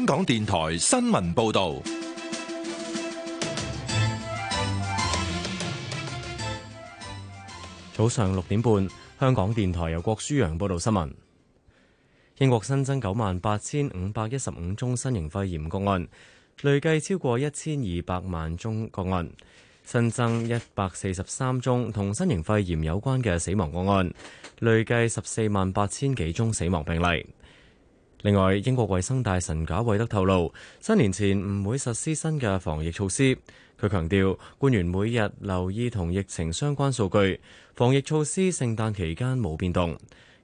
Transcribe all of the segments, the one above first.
香港電台新聞報道，早上六點半，香港電台由郭舒揚報道新聞。英國新增九萬八千五百一十五宗新型肺炎個案，累計超過一千二百萬宗個案，新增一百四十三宗同新型肺炎有關嘅死亡個案，累計十四萬八千幾宗死亡病例。另外，英國衛生大臣賈維德透露，新年前唔會實施新嘅防疫措施。佢強調，官員每日留意同疫情相關數據，防疫措施聖誕期間冇變動。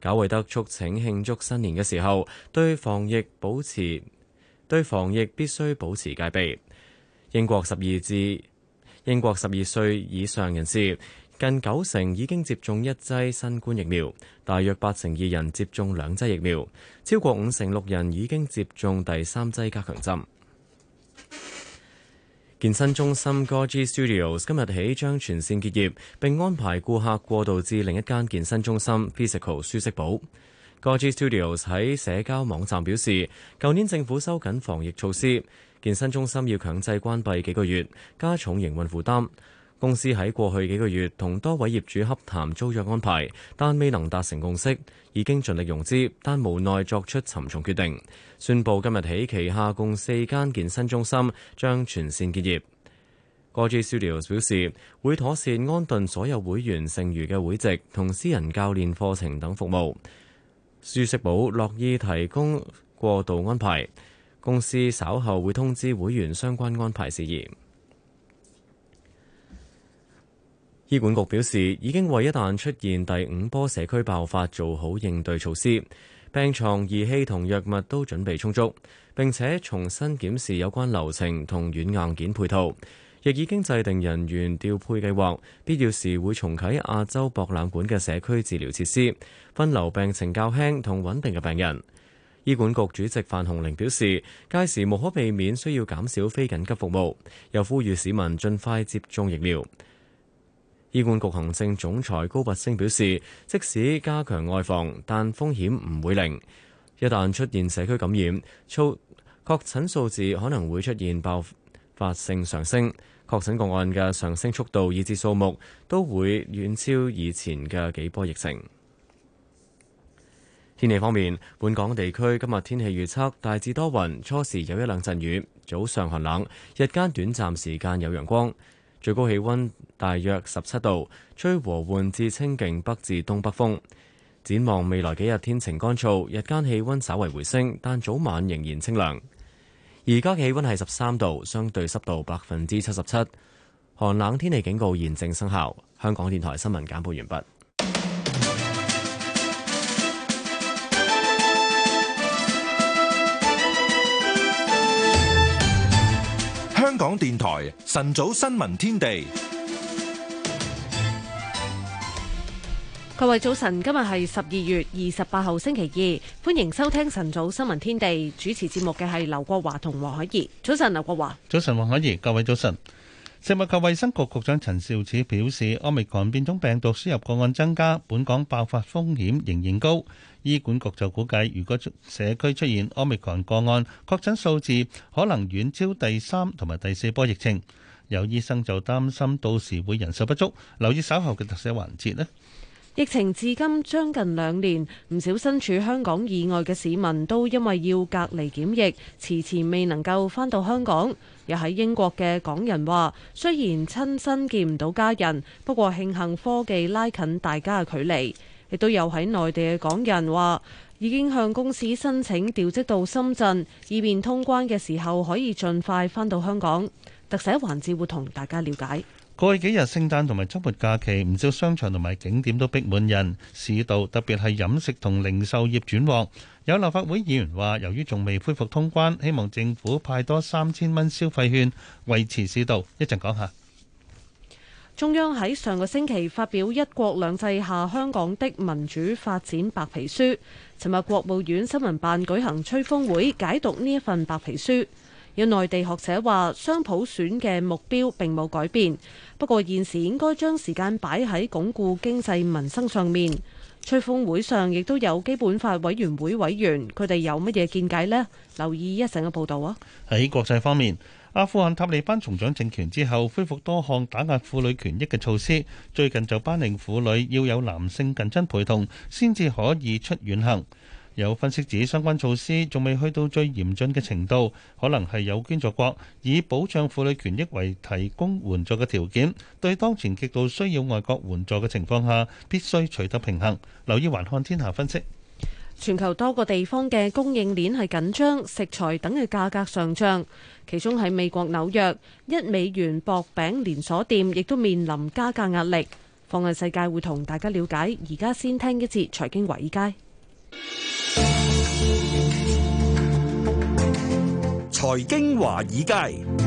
賈維德促請慶祝新年嘅時候，對防疫保持，對防疫必須保持戒備。英國十二至英國十二歲以上人士，近九成已經接種一劑新冠疫苗，大約八成二人接種兩劑疫苗，超過五成六人已經接種第三劑加強針。健身中心 Gorgeous Studios 今日起將全線結業，並安排顧客過渡至另一間健身中心 Physical 舒適堡。Gorgeous Studios 喺社交網站表示，舊年政府收緊防疫措施，健身中心要強制關閉幾個月，加重營運負擔。公司喺過去幾個月同多位業主洽談租約安排，但未能達成共識。已經盡力融資，但無奈作出沉重決定，宣布今日起旗下共四間健身中心將全線結業。GOJI Studio 表示會妥善安頓所有會員剩餘嘅會籍同私人教練課程等服務。舒適堡樂意提供過渡安排，公司稍後會通知會員相關安排事宜。醫管局表示，已經為一旦出現第五波社區爆發做好應對措施，病床、儀器同藥物都準備充足。並且重新檢視有關流程同軟硬件配套，亦已經制定人員調配計劃。必要時會重啟亞洲博覽館嘅社區治療設施，分流病情較輕同穩定嘅病人。醫管局主席范鴻齡表示，屆時無可避免需要減少非緊急服務，又呼籲市民盡快接種疫苗。醫管局行政總裁高拔升表示，即使加強外防，但風險唔會零。一旦出現社區感染，數確診數字可能會出現爆發性上升，確診個案嘅上升速度以至數目都會遠超以前嘅幾波疫情。天氣方面，本港地區今日天氣預測大致多雲，初時有一兩陣雨，早上寒冷，日間短暫時間有陽光。最高氣溫大約十七度，吹和緩至清勁北至東北風。展望未來幾日天晴乾燥，日間氣溫稍為回升，但早晚仍然清涼。而家氣溫係十三度，相對濕度百分之七十七，寒冷天氣警告現正生效。香港電台新聞簡報完畢。港電台晨早新聞天地，各位早晨，今日係十二月二十八號星期二，歡迎收聽晨早新聞天地。主持節目嘅係劉國華同黃海怡。早晨，劉國華。早晨，黃海怡。各位早晨。食物及衛生局局長陳肇始表示，Omicron 變種病毒輸入個案增加，本港爆發風險仍然高。醫管局就估計，如果社區出現 Omicron 個案，確診數字可能遠超第三同埋第四波疫情。有醫生就擔心，到時會人手不足。留意稍後嘅特寫環節咧。疫情至今將近兩年，唔少身處香港以外嘅市民都因為要隔離檢疫，遲遲未能夠翻到香港。又喺英國嘅港人話，雖然親身見唔到家人，不過慶幸科技拉近大家嘅距離，亦都有喺內地嘅港人話已經向公司申請調職到深圳，以便通關嘅時候可以盡快翻到香港。特寫環節會同大家了解。過去幾日，聖誕同埋週末假期，唔少商場同埋景點都逼滿人，市道特別係飲食同零售業轉旺。有立法會議員話，由於仲未恢復通關，希望政府派多三千蚊消費券維持市道。一陣講下。中央喺上個星期發表《一國兩制下香港的民主發展白皮書》，尋日國務院新聞辦舉行吹風會，解讀呢一份白皮書。有內地學者話，雙普選嘅目標並冇改變，不過現時應該將時間擺喺鞏固經濟民生上面。吹風會上亦都有基本法委員會委員，佢哋有乜嘢見解呢？留意一陣嘅報導啊！喺國際方面，阿富汗塔利班重掌政權之後，恢復多項打壓婦女權益嘅措施，最近就頒令婦女要有男性近親陪同先至可以出遠行。有分析指，相關措施仲未去到最嚴峻嘅程度，可能係有捐助國以保障婦女權益為提供援助嘅條件。對當前極度需要外國援助嘅情況下，必須取得平衡。留意環看天下分析，全球多個地方嘅供應鏈係緊張，食材等嘅價格上漲。其中喺美國紐約，一美元薄餅連鎖店亦都面臨加價壓力。放眼世界，會同大家了解。而家先聽一次財經華爾街。財經：華爾街。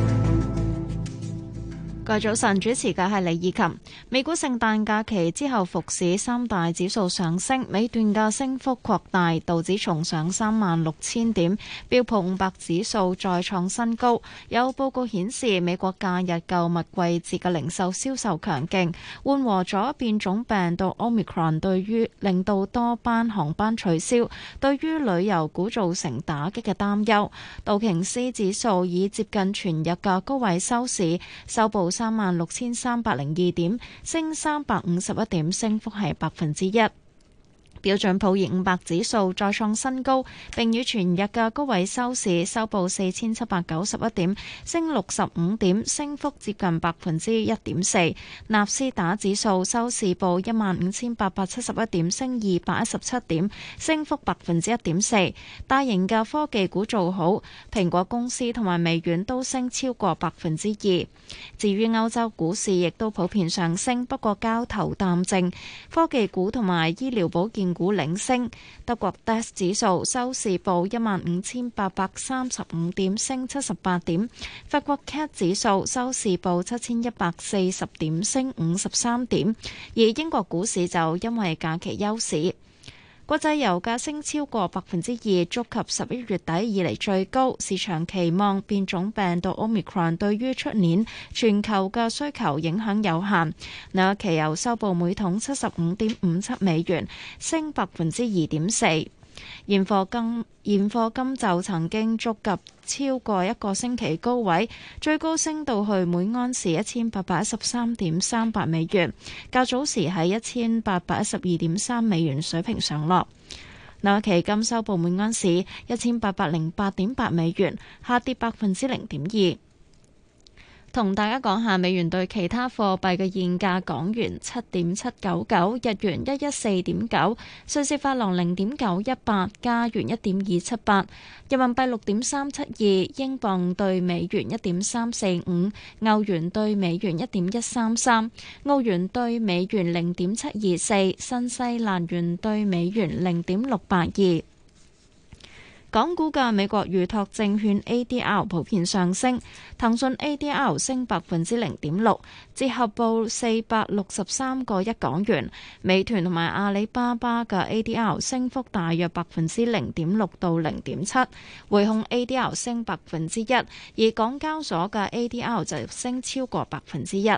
各位早晨，主持嘅係李以琴。美股聖誕假期之後復市，三大指數上升，尾段嘅升幅擴大，道指重上三萬六千點，標普五百指數再創新高。有報告顯示，美國假日購物季節嘅零售銷,銷售強勁，緩和咗變種病毒 omicron 對於令到多班航班取消，對於旅遊股造成打擊嘅擔憂。道瓊斯指數已接近全日嘅高位收市，收報。三萬六千三百零二點，升三百五十一點，升幅係百分之一。標準普爾五百指數再創新高，並與全日嘅高位收市，收報四千七百九十一點，升六十五點，升幅接近百分之一點四。納斯達指數收市報一萬五千八百七十一點，升二百一十七點，升幅百分之一點四。大型嘅科技股做好，蘋果公司同埋微軟都升超過百分之二。至於歐洲股市亦都普遍上升，不過交投淡靜，科技股同埋醫療保健股領升，德國 DAX 指數收市報一萬五千八百三十五點，升七十八點；法國 CAC 指數收市報七千一百四十點，升五十三點。而英國股市就因為假期休市。國際油價升超過百分之二，觸及十一月底以嚟最高。市場期望變種病毒 Omicron 對於出年全球嘅需求影響有限。紐期油收報每桶七十五點五七美元，升百分之二點四。現貨金現貨金就曾經觸及超過一個星期高位，最高升到去每盎司一千八百一十三點三八美元，較早時喺一千八百一十二點三美元水平上落。紐約期金收報每盎司一千八百零八點八美元，下跌百分之零點二。同大家講下美元對其他貨幣嘅現價：港元七點七九九，日元一一四點九，瑞士法郎零點九一八，加元一點二七八，人民幣六點三七二，英鎊對美元一點三四五，歐元對美元一點一三三，澳元對美元零點七二四，新西蘭元對美元零點六八二。港股嘅美國預託證券 ADR 普遍上升，騰訊 ADR 升百分之零點六，折合報四百六十三個一港元。美團同埋阿里巴巴嘅 ADR 升幅大約百分之零點六到零點七，匯控 ADR 升百分之一，而港交所嘅 ADR 就升超過百分之一。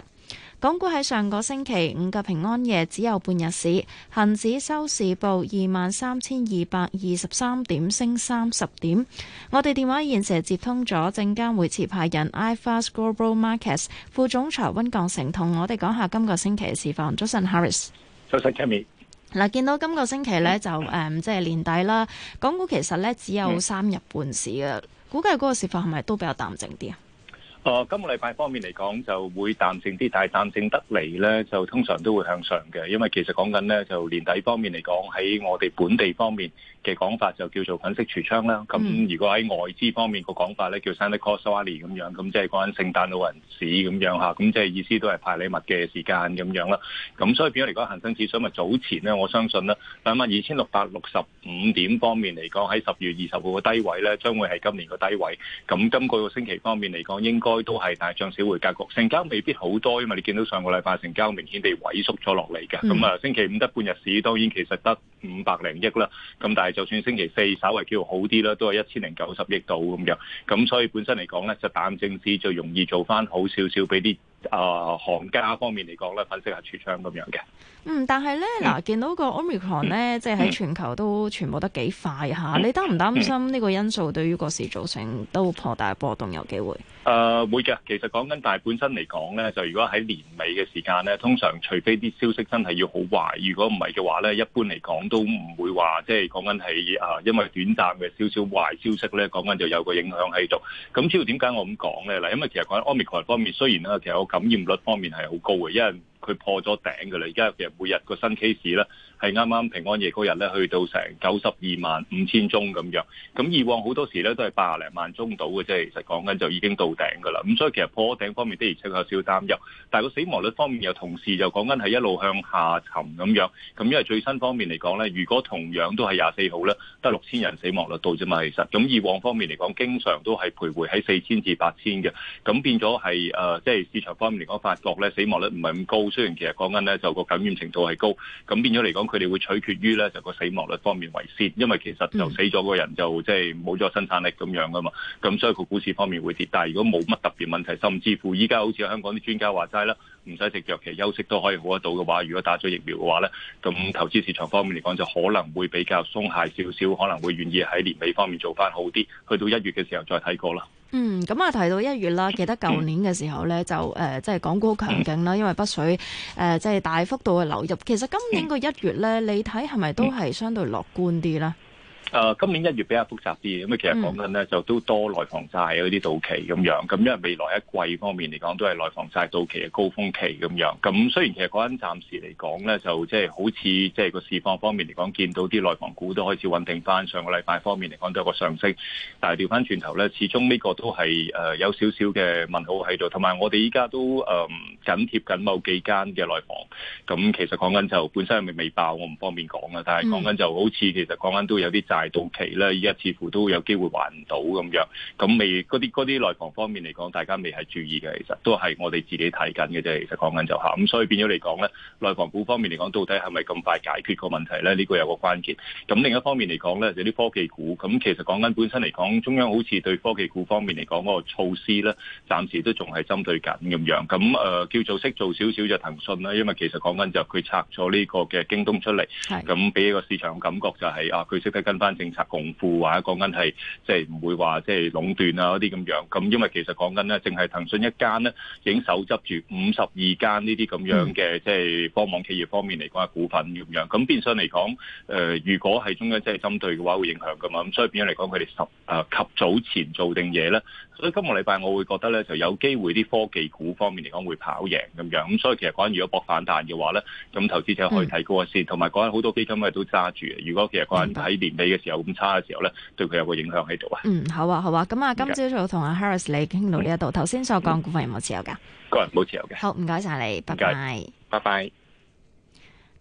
港股喺上個星期五嘅平安夜只有半日市，恒指收市報二萬三千二百二十三點，升三十點。我哋電話現時接通咗證監會持牌人 iFast Global Markets 副總裁温鋼成，同我哋講下今個星期嘅市況。早晨 Harris，早晨 Kimmy 嗱，見到今個星期呢就即係、嗯嗯就是、年底啦，港股其實呢只有三日半市嘅，估計嗰個市況係咪都比較淡靜啲啊？哦、呃，今個禮拜方面嚟講，就會淡靜啲，但係淡靜得嚟呢，就通常都會向上嘅，因為其實講緊呢，就年底方面嚟講，喺我哋本地方面，嘅講法就叫做粉飾櫥窗啦，咁如果喺外資方面個講法咧叫 Santa Claus Holiday 咁樣，咁即係講緊聖誕老人節咁樣嚇，咁即係意思都係派禮物嘅時間咁樣啦。咁所以變咗嚟講，恒生指數咪早前咧，我相信啦。兩萬二千六百六十五點方面嚟講，喺十月二十號個低位咧，將會係今年個低位。咁今個星期方面嚟講，應該都係大漲小回格局。成交未必好多，因為你見到上個禮拜成交明顯地萎縮咗落嚟嘅。咁啊，星期五得半日市，當然其實得五百零億啦。咁但係就算星期四稍微叫好啲啦，都係一千零九十億度咁樣，咁、嗯、所以本身嚟講咧，就淡市市就容易做翻好少少，俾啲啊行家方面嚟講咧，分析下出槍咁樣嘅。嗯，但係咧嗱，見到個 Omicron 咧，嗯、即係喺全球都傳播得幾快嚇，嗯、你擔唔擔心呢、嗯、個因素對於個市造成都頗大波動有機會？誒、呃、會嘅，其實講緊，大本身嚟講咧，就如果喺年尾嘅時間咧，通常除非啲消息真係要好壞，如果唔係嘅話咧，一般嚟講都唔會話即係講緊。係啊，因為短暫嘅少少壞消息咧，講緊就有個影響喺度。咁知道點解我咁講咧？嗱，因為其實講緊 Omicron 方面，雖然咧，其實個感染率方面係好高嘅，因為。佢破咗頂嘅啦，而家其實每日個新 case 咧係啱啱平安夜嗰日咧去到成九十二萬五千宗咁樣，咁以往好多時咧都係八廿零萬宗到嘅啫。其實講緊就已經到頂嘅啦。咁所以其實破頂方面的而且確有少少擔憂，但係個死亡率方面又同時又講緊係一路向下沉咁樣。咁因為最新方面嚟講咧，如果同樣都係廿四號咧，得六千人死亡率到啫嘛。其實咁以往方面嚟講，經常都係徘徊喺四千至八千嘅。咁變咗係誒，即係市場方面嚟講，發覺咧死亡率唔係咁高。雖然其實講緊咧，就個感染程度係高，咁變咗嚟講，佢哋會取決於咧就個死亡率方面為先，因為其實就死咗個人就即係冇咗生產力咁樣噶嘛，咁所以佢股市方面會跌。但係如果冇乜特別問題，甚至乎依家好似香港啲專家話齋啦，唔使食藥，其實休息都可以好得到嘅話，如果打咗疫苗嘅話咧，咁投資市場方面嚟講就可能會比較鬆懈少少，可能會願意喺年尾方面做翻好啲，去到一月嘅時候再睇過啦。嗯，咁啊提到一月啦，記得舊年嘅時候咧，就誒即係港股好強勁啦，因為北水誒即係大幅度嘅流入。其實今年個一月咧，你睇，係咪都係相對樂觀啲咧？誒、uh, 今年一月比較複雜啲，咁啊其實講緊咧就都多內房債嗰啲到期咁樣，咁因為未來一季方面嚟講都係內房債到期嘅高峰期咁樣。咁雖然其實嗰間暫時嚟講咧，就即係好似即係個市況方面嚟講見到啲內房股都開始穩定翻，上個禮拜方面嚟講都有個上升。但係調翻轉頭咧，始終呢個都係誒有少少嘅問號喺度。同埋我哋依家都誒、呃、緊貼緊某幾間嘅內房，咁其實講緊就本身未未爆，我唔方便講啊。但係講緊就好似其實講緊都有啲債。到期咧，依家似乎都有機會還唔到咁樣，咁未嗰啲嗰啲內房方面嚟講，大家未係注意嘅，其實都係我哋自己睇緊嘅啫。其實講緊就下，咁所以變咗嚟講咧，內房股方面嚟講，到底係咪咁快解決個問題咧？呢個有個關鍵。咁另一方面嚟講咧，有啲科技股，咁其實講緊本身嚟講，中央好似對科技股方面嚟講嗰個措施咧，暫時都仲係針對緊咁樣。咁誒叫做識做少少就騰訊啦，因為其實講緊就佢拆咗呢個嘅京東出嚟，咁俾個市場感覺就係啊，佢識得跟翻。政策共富或者講緊係即係唔會話即係壟斷啊嗰啲咁樣，咁因為其實講緊呢，淨係騰訊一間呢，已經手執住五十二間呢啲咁樣嘅即係科網企業方面嚟講嘅股份咁樣，咁變相嚟講，誒、呃、如果係中央即係針對嘅話，會影響噶嘛，咁所以變相嚟講，佢哋十誒、呃、及早前做定嘢咧，所以今個禮拜我會覺得咧就有機會啲科技股方面嚟講會跑贏咁樣，咁所以其實講緊如果博反彈嘅話咧，咁投資者可以睇高一下先，同埋講緊好多基金咧都揸住，如果其實講緊喺年尾嘅。有咁差嘅時候咧，對佢有個影響喺度啊。嗯，好啊，好啊。咁啊，今朝早同阿 Harris 你傾到呢一度，頭先、嗯、所講股份有冇持有㗎？個人冇持有嘅。好，唔該晒你，拜拜。拜拜。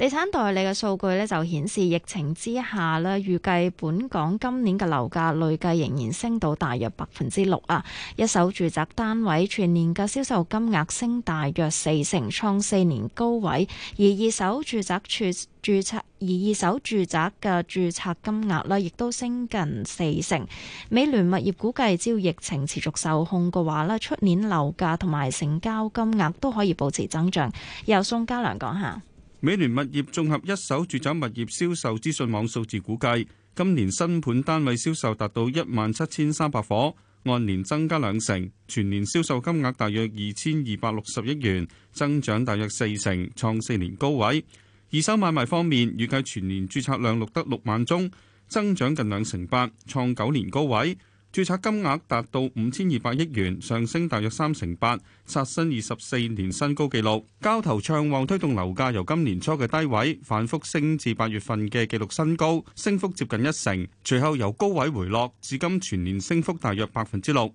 地產代理嘅數據咧就顯示，疫情之下咧，預計本港今年嘅樓價累計仍然升到大約百分之六啊。一手住宅單位全年嘅銷售金額升大約四成，創四年高位；而二手住宅注註冊，而二手住宅嘅註冊金額咧，亦都升近四成。美聯物業估計，只要疫情持續受控嘅話咧，出年樓價同埋成交金額都可以保持增長。由宋嘉良講下。美聯物業綜合一手住宅物業銷售資訊網數字估計，今年新盤單位銷售達到一萬七千三百伙，按年增加兩成，全年銷售金額大約二千二百六十億元，增長大約四成，創四年高位。二手買賣方面，預計全年注冊量錄得六萬宗，增長近兩成八，創九年高位。註冊金額達到五千二百億元，上升大約三成八，刷新二十四年新高紀錄。交投暢旺推動樓價由今年初嘅低位反覆升至八月份嘅紀錄新高，升幅接近一成。隨後由高位回落，至今全年升幅大約百分之六。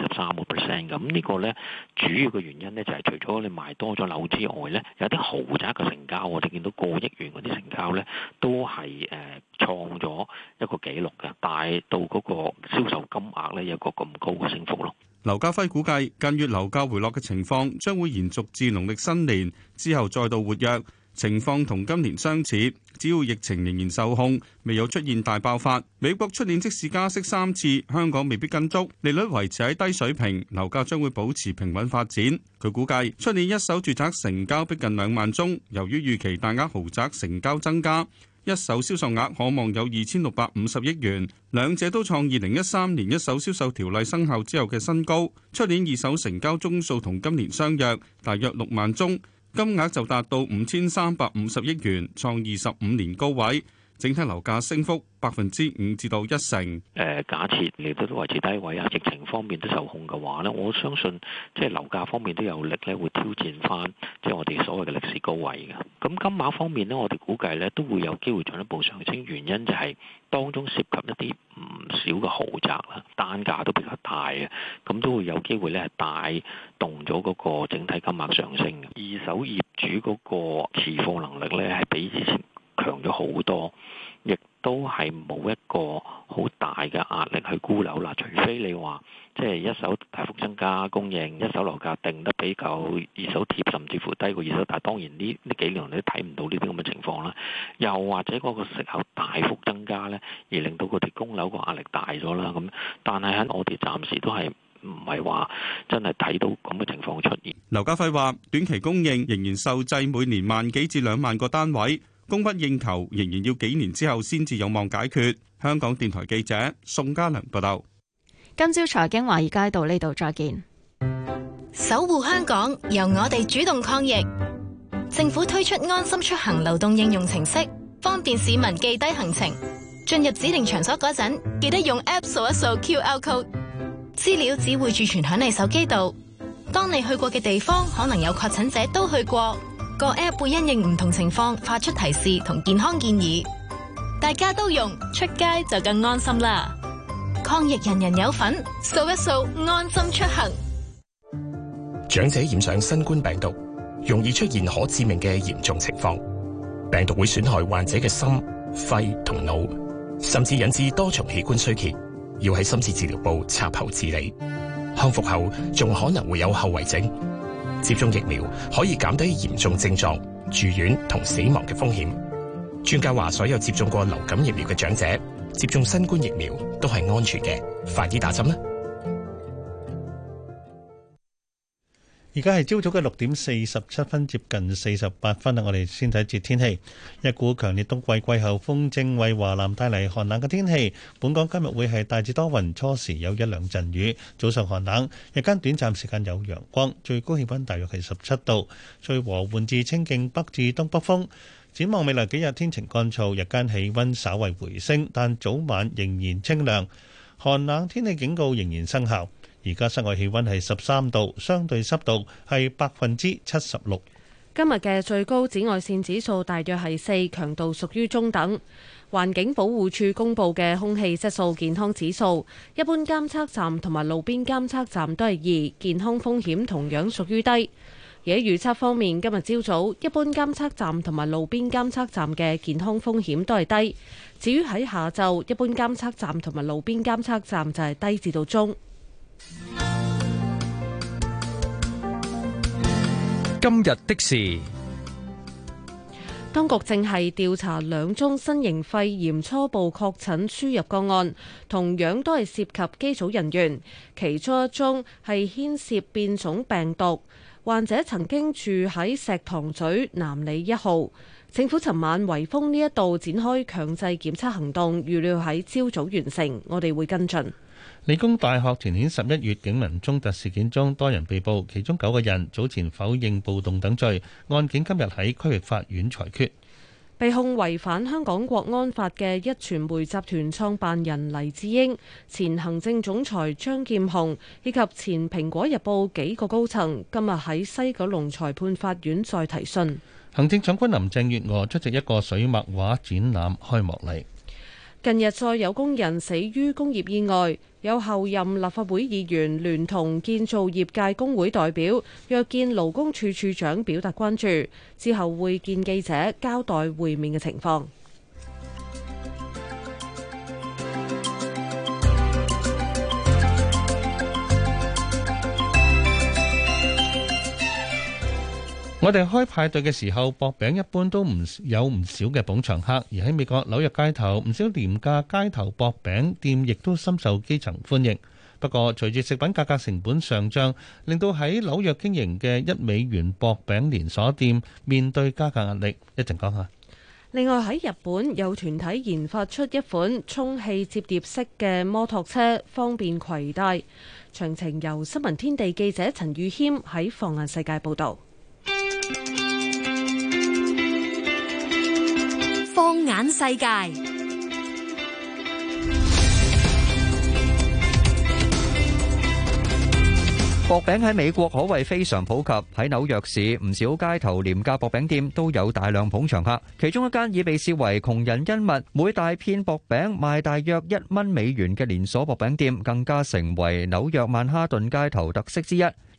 十三個 percent 咁，呢個咧主要嘅原因咧就係除咗你賣多咗樓之外咧，有啲豪宅嘅成交，我哋見到過億元嗰啲成交咧都係誒創咗一個紀錄嘅，帶到嗰個銷售金額咧有個咁高嘅升幅咯。劉家輝估計，近月樓價回落嘅情況將會延續至農曆新年之後再度活躍。情況同今年相似，只要疫情仍然受控，未有出現大爆發。美國出年即使加息三次，香港未必跟足，利率維持喺低水平，樓價將會保持平穩發展。佢估計出年一手住宅成交逼近兩萬宗，由於預期大額豪宅成交增加，一手銷售額可望有二千六百五十億元，兩者都創二零一三年一手銷售條例生效之後嘅新高。出年二手成交宗數同今年相若，大約六萬宗。金額就達到五千三百五十億元，創二十五年高位。整體樓價升幅百分之五至到一成。誒，假設你都都維持低位啊，疫情方面都受控嘅話咧，我相信即係樓價方面都有力咧，會挑戰翻即係我哋所謂嘅歷史高位嘅。咁金額方面咧，我哋估計咧都會有機會進一步上升，原因就係當中涉及一啲唔少嘅豪宅啦，單價都比較大嘅，咁都會有機會咧帶動咗嗰個整體金額上升嘅。二手業主嗰個持貨能力咧，係比之前強咗好多，亦都係冇一個好大嘅壓力去沽樓啦。除非你話即係一手大幅增加供應，一手樓價定得比較二手貼，甚至乎低過二手，但當然呢呢幾年你都睇唔到呢啲咁嘅情況啦。又或者嗰個需求大幅增加呢，而令到佢哋供樓個壓力大咗啦。咁，但係喺我哋暫時都係唔係話真係睇到咁嘅情況出現。劉家輝話：短期供應仍然受制每年萬幾至兩萬個單位。供不應求，仍然要幾年之後先至有望解決。香港電台記者宋家良報道。今朝財經華爾街到呢度再見。守護香港，由我哋主動抗疫。政府推出安心出行流動應用程式，方便市民記低行程。進入指定場所嗰陣，記得用 app 掃一掃 QR code。資料只會儲存響你手機度。當你去過嘅地方，可能有確診者都去過。個 app 會因應唔同情況發出提示同健康建議，大家都用出街就更安心啦。抗疫人人有份，掃一掃安心出行。長者染上新冠病毒，容易出現可致命嘅嚴重情況，病毒會損害患者嘅心、肺同腦，甚至引致多重器官衰竭，要喺深切治療部插喉治理。康復後仲可能會有後遺症。接種疫苗可以減低嚴重症狀、住院同死亡嘅風險。專家話，所有接種過流感疫苗嘅長者，接種新冠疫苗都係安全嘅，快啲打針啦！而家係朝早嘅六點四十七分，接近四十八分啦。我哋先睇一節天氣，一股強烈冬季季候風正為華南帶嚟寒冷嘅天氣。本港今日會係大致多雲，初時有一兩陣雨，早上寒冷，日間短暫時間有陽光，最高氣温大約係十七度，吹和緩至清勁北至東北風。展望未來幾日天晴乾燥，日間氣温稍為回升，但早晚仍然清涼，寒冷天氣警告仍然生效。而家室外氣溫係十三度，相對濕度係百分之七十六。今日嘅最高紫外線指數大約係四，強度屬於中等。環境保護署公布嘅空氣質素健康指數，一般監測站同埋路邊監測站都係二，健康風險同樣屬於低。而喺預測方面，今日朝早一般監測站同埋路邊監測站嘅健康風險都係低，至於喺下晝，一般監測站同埋路邊監測站就係低至到中。今日的事，當局正係調查兩宗新型肺炎初步確診輸入個案，同樣都係涉及機組人員。其中一宗係牽涉變種病毒，患者曾經住喺石塘咀南里一號。政府尋晚圍封呢一度，展開強制檢測行動，預料喺朝早完成。我哋會跟進。理工大學前年十一月警民衝突事件中，多人被捕，其中九個人早前否認暴動等罪，案件今日喺區域法院裁決。被控違反香港國安法嘅壹傳媒集團創辦人黎智英、前行政總裁張劍虹以及前蘋果日報幾個高層，今日喺西九龍裁判法院再提訊。行政長官林鄭月娥出席一個水墨畫展覽開幕禮。近日再有工人死於工業意外，有候任立法會議員聯同建造業界工會代表約見勞工處處長表達關注，之後會見記者交代會面嘅情況。我哋開派對嘅時候，薄餅一般都唔有唔少嘅捧場客，而喺美國紐約街頭，唔少廉價街頭薄餅店亦都深受基層歡迎。不過，隨住食品價格成本上漲，令到喺紐約經營嘅一美元薄餅連鎖店面對加價壓力。一陣講下。另外喺日本有團體研發出一款充氣摺疊式嘅摩托車，方便攜帶。詳情由新聞天地記者陳宇謙喺放眼世界報道。放眼世界，薄餅喺美國可謂非常普及。喺紐約市，唔少街頭廉價薄餅店都有大量捧場客。其中一間已被視為窮人恩物，每大片薄餅賣大約一蚊美元嘅連鎖薄餅店，更加成為紐約曼哈頓街頭特色之一。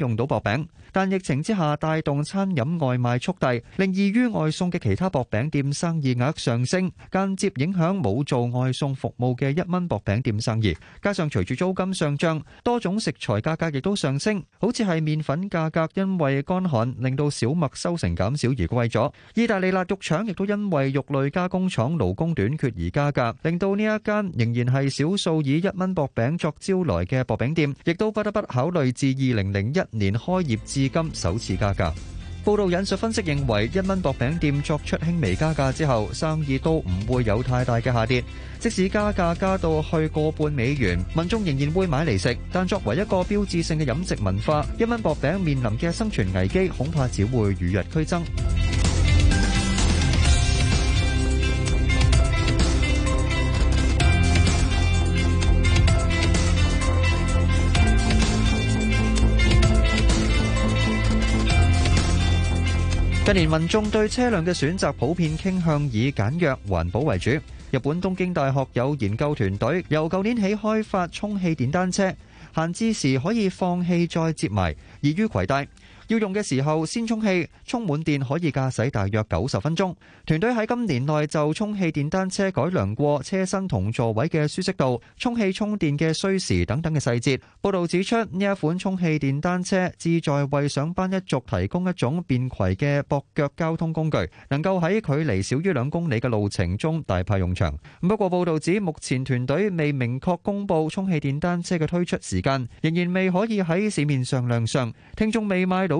用到薄餅，但疫情之下帶動餐飲外賣速遞，令易於外送嘅其他薄餅店生意額上升，間接影響冇做外送服務嘅一蚊薄餅店生意。加上隨住租金上漲，多種食材價格亦都上升，好似係麵粉價格因為乾旱令到小麥收成減少而貴咗。意大利辣肉腸亦都因為肉類加工廠勞工短缺而加價，令到呢一間仍然係少數以一蚊薄餅作招來嘅薄餅店，亦都不得不考慮至二零零一年開業至今首次加價。報道引述分析認為，一蚊薄餅店作出輕微加價之後，生意都唔會有太大嘅下跌。即使加價加到去個半美元，民眾仍然會買嚟食。但作為一個標誌性嘅飲食文化，一蚊薄餅面臨嘅生存危機恐怕只會與日俱增。近年，民眾對車輛嘅選擇普遍傾向以簡約、環保為主。日本東京大學有研究團隊由舊年起開發充氣電單車，閒置時可以放氣再摺埋，易於攜帶。要用嘅時候先充氣，充滿電可以駕駛大約九十分鐘。團隊喺今年內就充氣電單車改良過車身同座位嘅舒適度、充氣充電嘅需時等等嘅細節。報導指出，呢一款充氣電單車旨在為上班一族提供一種便攜嘅駁腳交通工具，能夠喺距離少於兩公里嘅路程中大派用場。不過，報導指目前團隊未明確公布充氣電單車嘅推出時間，仍然未可以喺市面上亮相。聽眾未買到。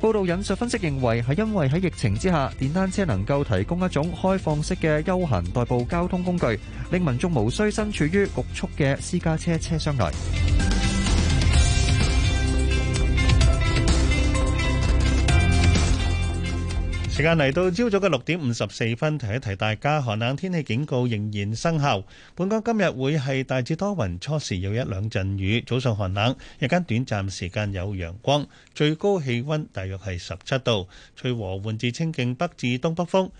報道引述分析認為，係因為喺疫情之下，電單車能夠提供一種開放式嘅休閒代步交通工具，令民眾無需身處於局促嘅私家車車廂內。時間嚟到朝早嘅六點五十四分，提一提大家，寒冷天氣警告仍然生效。本港今日會係大致多雲，初時有一兩陣雨，早上寒冷，日間短暫時間有陽光，最高氣溫大約係十七度，吹和緩至清勁北至東北風。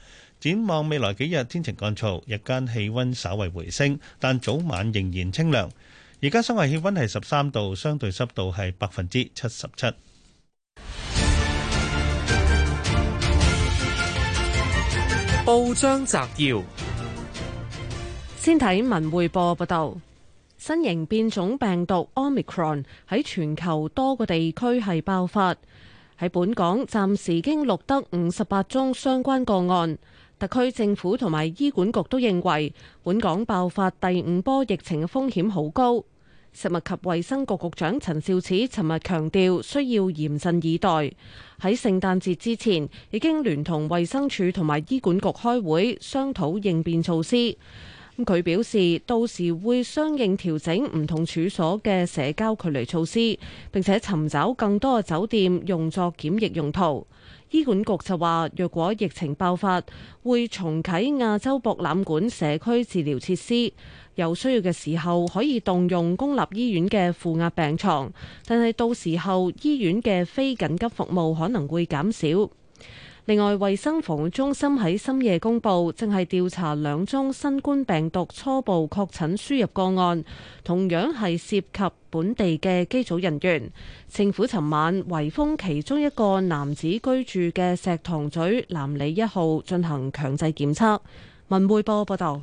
展望未來幾日天晴乾燥，日間氣溫稍為回升，但早晚仍然清涼。而家室外氣溫係十三度，相對濕度係百分之七十七。報章摘要：先睇文匯報報道，新型變種病毒 Omicron 喺全球多個地區係爆發，喺本港暫時已經錄得五十八宗相關個案。特區政府同埋醫管局都認為，本港爆發第五波疫情嘅風險好高。食物及衛生局局長陳肇始尋日強調，需要嚴陣以待。喺聖誕節之前，已經聯同衛生署同埋醫管局開會商討應變措施。佢表示，到時會相應調整唔同處所嘅社交距離措施，並且尋找更多嘅酒店用作檢疫用途。醫管局就話，若果疫情爆發，會重啟亞洲博覽館社區治療設施，有需要嘅時候可以動用公立醫院嘅負壓病床。但係到時候醫院嘅非緊急服務可能會減少。另外，衛生防護中心喺深夜公布，正係調查兩宗新冠病毒初步確診輸入個案，同樣係涉及本地嘅機組人員。政府尋晚圍封其中一個男子居住嘅石塘咀南里一號進行強制檢測。文匯報報道。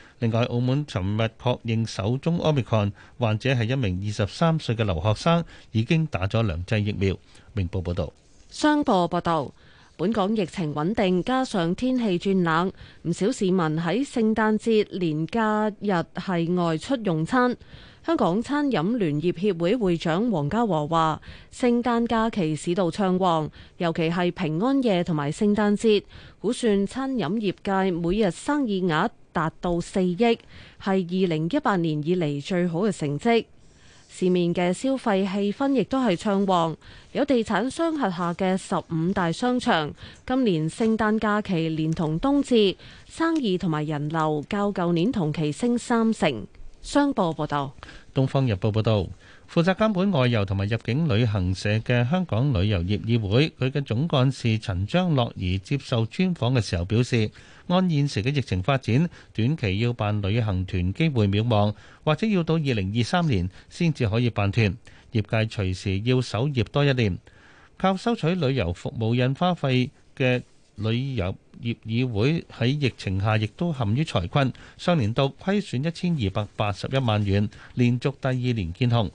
另外，澳門尋日確認首宗 Omicron 患者係一名二十三歲嘅留學生，已經打咗兩劑疫苗。明報報道，商報報道，本港疫情穩定，加上天氣轉冷，唔少市民喺聖誕節連假日係外出用餐。香港餐飲聯業協會會長黃家和話：聖誕假期市道暢旺，尤其係平安夜同埋聖誕節，估算餐飲業界每日生意額。達到四億，係二零一八年以嚟最好嘅成績。市面嘅消費氣氛亦都係暢旺，有地產商轄下嘅十五大商場，今年聖誕假期連同冬至，生意同埋人流較舊年同期升三成。商報報道，《東方日報》報道，負責監管外遊同埋入境旅行社嘅香港旅遊業議會，佢嘅總幹事陳張樂怡接受專訪嘅時候表示。按現時嘅疫情發展，短期要辦旅行團機會渺茫，或者要到二零二三年先至可以辦團。業界隨時要守業多一年，靠收取旅遊服務印花費嘅旅遊業議會喺疫情下亦都陷於財困。上年度虧損一千二百八十一萬元，連續第二年見紅。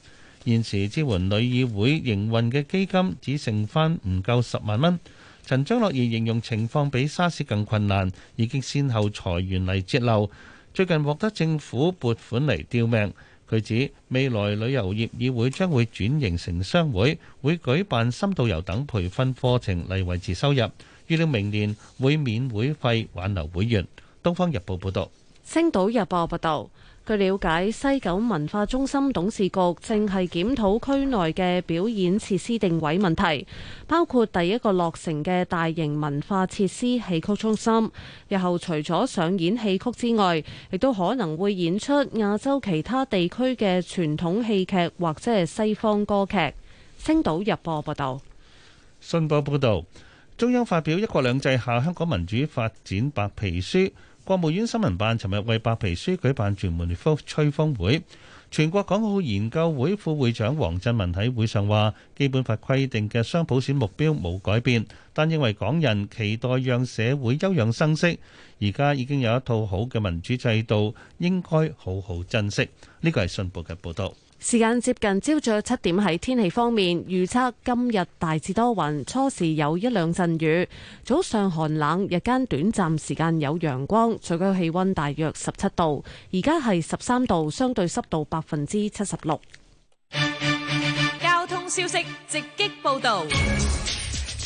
現時支援旅議會營運嘅基金只剩翻唔夠十萬蚊。陳張樂儀形容情況比沙士更困難，已經先後裁員嚟節流。最近獲得政府撥款嚟吊命。佢指未來旅遊業議會將會轉型成商會，會舉辦深度遊等培訓課程嚟維持收入，預料明年會免會費挽留會員。東方日報報道，星島日報報道。據了解，西九文化中心董事局正係檢討區內嘅表演設施定位問題，包括第一個落成嘅大型文化設施——戲曲中心。日後除咗上演戲曲之外，亦都可能會演出亞洲其他地區嘅傳統戲劇或者係西方歌劇。星島日報報道，信報報道，中央發表《一國兩制下香港民主發展白皮書》。國務院新聞辦尋日為白皮書舉辦傳媒吹風會，全國港澳研究會副會長黃振文喺會上話：基本法規定嘅雙普選目標冇改變，但認為港人期待讓社會休養生息，而家已經有一套好嘅民主制度，應該好好珍惜。呢個係信報嘅報導。時間接近朝早七點，喺天氣方面，預測今日大致多雲，初時有一兩陣雨，早上寒冷，日間短暫時間有陽光，最高氣溫大約十七度，而家係十三度，相對濕度百分之七十六。交通消息直擊報道。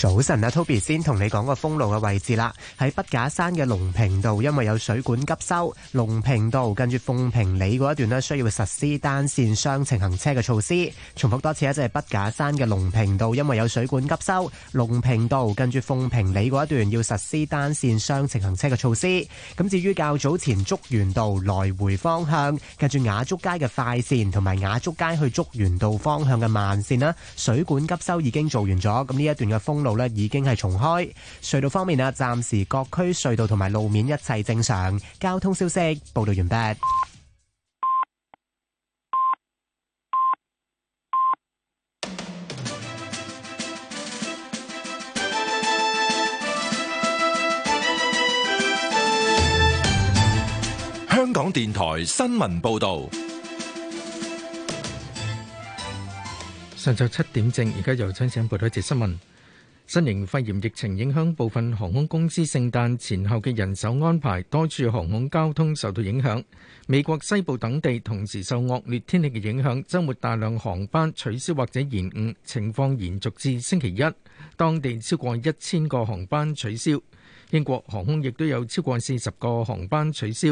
早晨啊，Toby 先同你講個封路嘅位置啦，喺畢架山嘅龍坪道，因為有水管急修，龍坪道跟住鳳坪里嗰一段咧，需要實施單線雙程行車嘅措施。重複多次咧，就係畢架山嘅龍坪道，因為有水管急修，龍坪道跟住鳳坪里嗰一段要實施單線雙程行車嘅措施。咁至於較早前竹園道來回方向，跟住雅竹街嘅快線同埋雅竹街去竹園道方向嘅慢線啦，水管急修已經做完咗，咁呢一段嘅封路。道路已經係重開，隧道方面啊，暫時各區隧道同埋路面一切正常。交通消息報道完畢。香港電台新聞報道，上晝七點正，而家由陳生報道一節新聞。新型肺炎疫情影響部分航空公司聖誕前後嘅人手安排，多處航空交通受到影響，美國西部等地同時受惡劣天氣嘅影響，周末大量航班取消或者延誤，情況延續至星期一。當地超過一千個航班取消，英國航空亦都有超過四十個航班取消。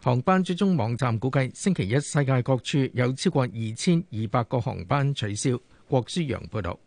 航班追蹤網站估計，星期一世界各處有超過二千二百個航班取消。郭書陽報道。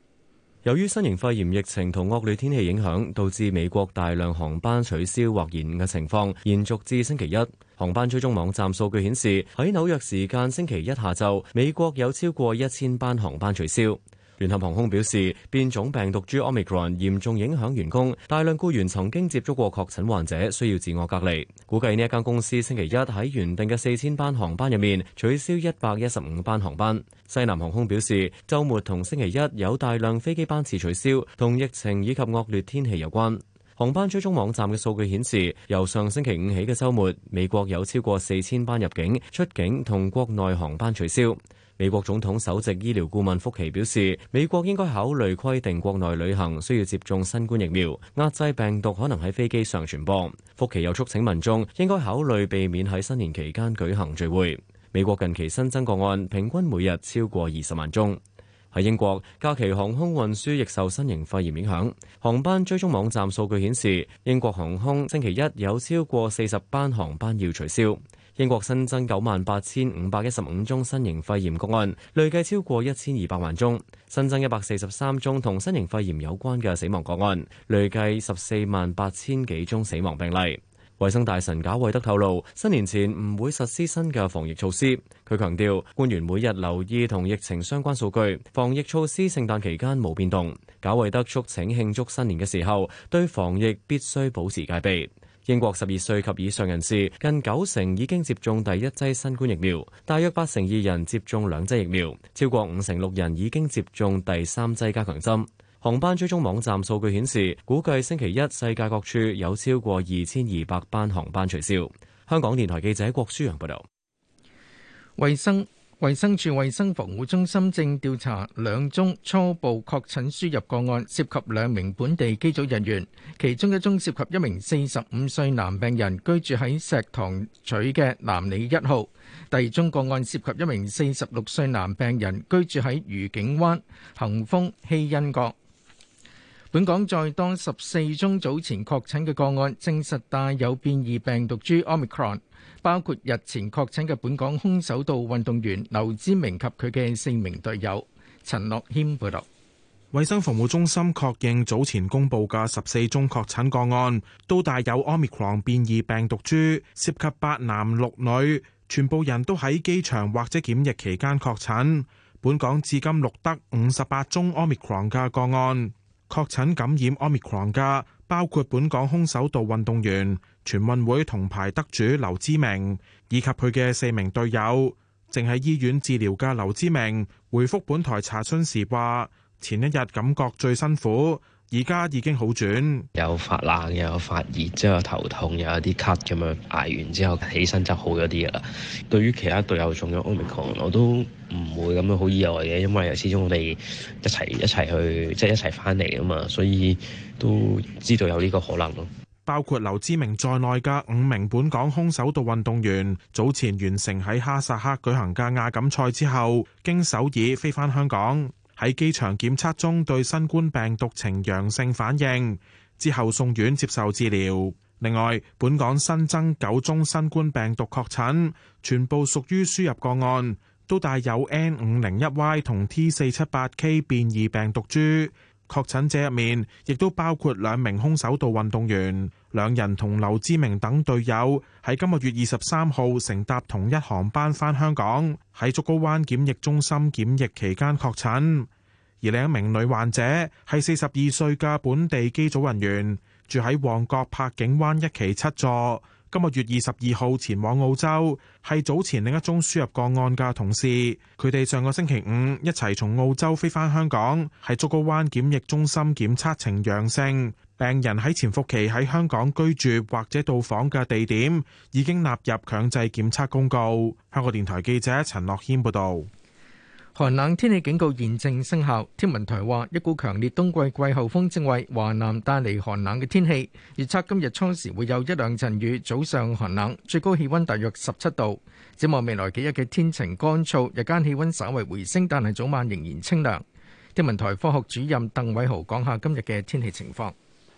由於新型肺炎疫情同惡劣天氣影響，導致美國大量航班取消或延誤嘅情況延續至星期一。航班追蹤網站數據顯示，喺紐約時間星期一下晝，美國有超過一千班航班取消。聯合航空表示，變種病毒株 Omicron 嚴重影響員工，大量僱員曾經接觸過確診患者，需要自我隔離。估計呢一間公司星期一喺原定嘅四千班航班入面取消一百一十五班航班。西南航空表示，周末同星期一有大量飛機班次取消，同疫情以及惡劣天氣有關。航班追蹤網站嘅數據顯示，由上星期五起嘅周末，美國有超過四千班入境、出境同國內航班取消。美國總統首席醫療顧問福奇表示，美國應該考慮規定國內旅行需要接種新冠疫苗，遏制病毒可能喺飛機上傳播。福奇又促請民眾應該考慮避免喺新年期間舉行聚會。美國近期新增個案平均每日超過二十萬宗。喺英國，假期航空運輸亦受新型肺炎影響。航班追蹤網站數據顯示，英國航空星期一有超過四十班航班要取消。英國新增九萬八千五百一十五宗新型肺炎個案，累計超過一千二百萬宗；新增一百四十三宗同新型肺炎有關嘅死亡個案，累計十四萬八千幾宗死亡病例。衛生大臣賈偉德透露，新年前唔會實施新嘅防疫措施。佢強調，官員每日留意同疫情相關數據，防疫措施聖誕期間冇變動。賈偉德促請慶祝新年嘅時候，對防疫必須保持戒備。英國十二歲及以上人士，近九成已經接種第一劑新冠疫苗，大約八成二人接種兩劑疫苗，超過五成六人已經接種第三劑加強針。航班追蹤網站數據顯示，估計星期一世界各處有超過二千二百班航班取消。香港電台記者郭舒揚報道。衞生衛生署，衛生防護中心正調查兩宗初步確診輸入個案，涉及兩名本地機組人員。其中一宗涉及一名四十五歲男病人，居住喺石塘咀嘅南里一號；第二宗個案涉及一名四十六歲男病人，居住喺愉景灣恒豐希恩閣。本港再多十四宗早前確診嘅個案，證實帶有變異病毒株 Omicron。包括日前確診嘅本港空手道運動員劉志明及佢嘅四名隊友。陳樂謙報導，衛生防護中心確認早前公布嘅十四宗確診個案，都帶有奧密克戎變異病毒株，涉及八男六女，全部人都喺機場或者檢疫期間確診，本港至今錄得五十八宗奧密克戎嘅個案，確診感染奧密克戎嘅包括本港空手道運動員。全運會銅牌得主劉之明以及佢嘅四名隊友，正喺醫院治療嘅劉之明回覆本台查詢時話：前一日感覺最辛苦，而家已經好轉，有發冷又有發熱，即係頭痛，又有啲咳咁樣，挨完之後起身就好咗啲噶啦。對於其他隊友中咗 omicron，我都唔會咁樣好意外嘅，因為始終我哋一齊一齊去，即係一齊翻嚟啊嘛，所以都知道有呢個可能咯。包括劉之明在內嘅五名本港空手道運動員，早前完成喺哈薩克舉行嘅亞錦賽之後，經首爾飛返香港，喺機場檢測中對新冠病毒呈陽性反應，之後送院接受治療。另外，本港新增九宗新冠病毒確診，全部屬於輸入個案，都帶有 N 五零一 Y 同 T 四七八 K 變異病毒株。確診者入面，亦都包括兩名空手道運動員，兩人同劉志明等隊友喺今個月二十三號乘搭同一航班返香港，喺竹篙灣檢疫中心檢疫期間確診。而另一名女患者係四十二歲嘅本地機組人員，住喺旺角柏景灣一期七座。今個月二十二號前往澳洲，係早前另一宗輸入個案嘅同事。佢哋上個星期五一齊從澳洲飛返香港，喺竹篙灣檢疫中心檢測呈陽性。病人喺潛伏期喺香港居住或者到訪嘅地點，已經納入強制檢測公告。香港電台記者陳樂謙報道。寒冷天氣警告現正生效。天文台話一股強烈冬季季候風正為華南帶嚟寒冷嘅天氣，預測今日初時會有一兩陣雨，早上寒冷，最高氣溫大約十七度。展望未來幾日嘅天晴乾燥，日間氣溫稍為回升，但係早晚仍然清涼。天文台科學主任鄧偉豪講下今日嘅天氣情況，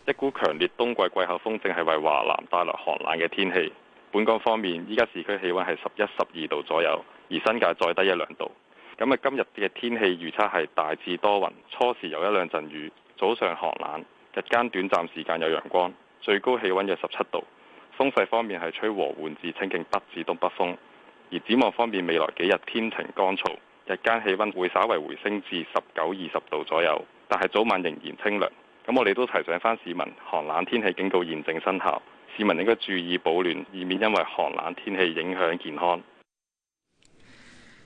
一股強烈冬季季候風正係為華南帶來寒冷嘅天氣，本港方面，依家市區氣溫係十一、十二度左右，而新界再低一兩度。咁啊，今日嘅天氣預測係大致多雲，初時有一兩陣雨，早上寒冷，日間短暫時間有陽光，最高氣温約十七度。風勢方面係吹和緩至清勁北至東北風。而展望方面，未來幾日天晴乾燥，日間氣温會稍為回升至十九、二十度左右，但係早晚仍然清涼。咁我哋都提醒返市民，寒冷天氣警告現正生效，市民應該注意保暖，以免因為寒冷天氣影響健康。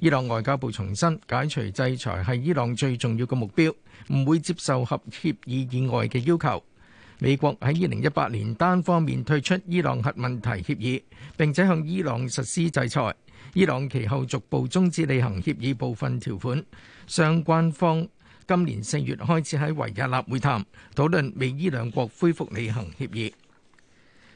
伊朗外交部重申，解除制裁係伊朗最重要嘅目標，唔會接受合協議以外嘅要求。美國喺2018年單方面退出伊朗核問題協議，並且向伊朗實施制裁。伊朗其後逐步終止履行協議部分條款。相關方今年四月開始喺維也納會談，討論美伊兩國恢復履行協議。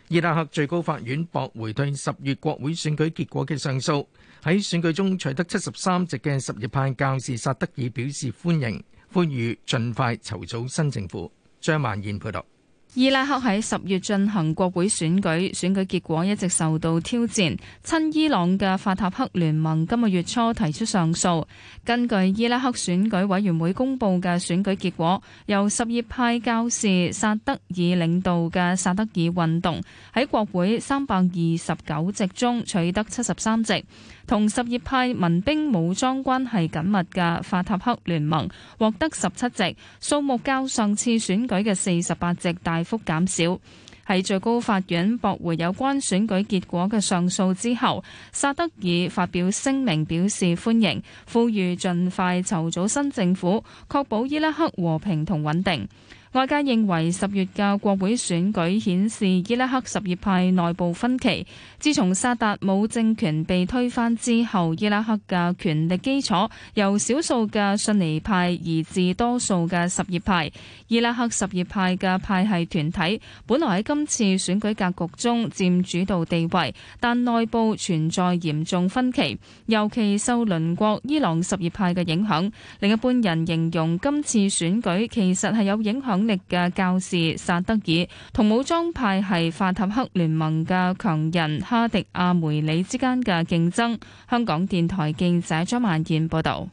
伊拉克最高法院駁回對十月國會選舉結果嘅上訴。喺選舉中取得七十三席嘅十葉派教士薩德爾表示歡迎，呼籲盡快籌組新政府。張曼燕報導。伊拉克喺十月進行國會選舉，選舉結果一直受到挑戰。親伊朗嘅法塔赫聯盟今個月初提出上訴。根據伊拉克選舉委員會公佈嘅選舉結果，由十葉派教士薩德爾領導嘅薩德爾運動喺國會三百二十九席中取得七十三席。同什葉派民兵武裝關係緊密嘅法塔赫聯盟獲得十七席，數目較上次選舉嘅四十八席大幅減少。喺最高法院駁回有關選舉結果嘅上訴之後，薩德爾發表聲明表示歡迎，呼籲盡快籌組新政府，確保伊拉克和平同穩定。外界認為十月嘅國會選舉顯示伊拉克什葉派內部分歧。自從薩達姆政權被推翻之後，伊拉克嘅權力基礎由少數嘅遜尼派移至多數嘅什葉派。伊拉克什葉派嘅派系團體本來喺今次選舉格局中佔主導地位，但內部存在嚴重分歧，尤其受鄰國伊朗什葉派嘅影響。另一半人形容今次選舉其實係有影響。力嘅教士薩德爾同武裝派系法塔赫聯盟嘅強人哈迪亞梅里之間嘅競爭。香港電台記者張萬健報道。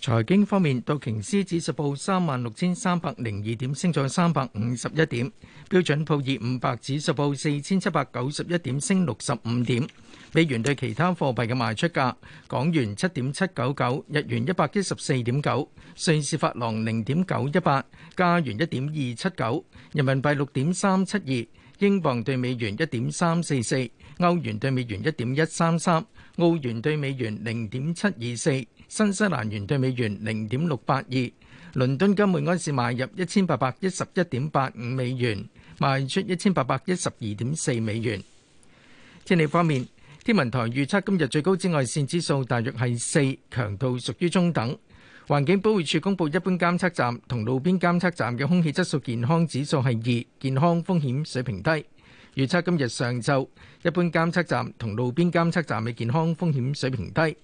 財經方面，道瓊斯指數報三萬六千三百零二點，升咗三百五十一點。標準普爾五百指數報四千七百九十一點，升六十五點。美元對其他貨幣嘅賣出價：港元七點七九九，日元一百一十四點九，瑞士法郎零點九一八，加元一點二七九，人民幣六點三七二，英鎊對美元一點三四四，歐元對美元一點一三三，澳元對美元零點七二四，新西蘭元對美元零點六八二。倫敦金每安士賣入一千八百一十一點八五美元。賣出一千八百一十二點四美元。天氣方面，天文台預測今日最高紫外線指數大約係四，強度屬於中等。環境保護署公佈，一般監測站同路邊監測站嘅空氣質素健康指數係二，健康風險水平低。預測今日上晝，一般監測站同路邊監測站嘅健康風險水平低。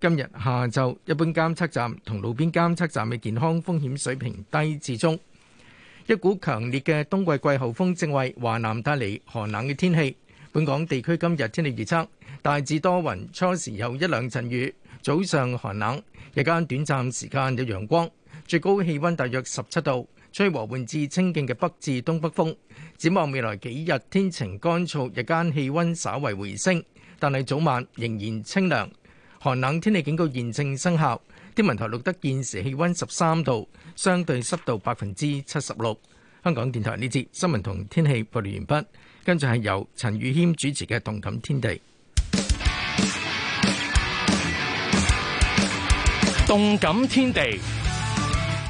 今日下晝，一般監測站同路邊監測站嘅健康風險水平低至中。一股強烈嘅冬季季候風正為華南帶嚟寒冷嘅天氣。本港地區今日天氣預測大致多雲，初時有一兩陣雨，早上寒冷，日間短暫時間有陽光，最高氣温大約十七度，吹和緩至清勁嘅北至東北風。展望未來幾日天晴乾燥，日間氣温稍為回升，但係早晚仍然清涼。寒冷天氣警告現正生效。天文台錄得現時氣温十三度，相對濕度百分之七十六。香港電台呢節新聞同天氣播道完畢，跟住係由陳宇謙主持嘅《動感天地》。《動感天地》。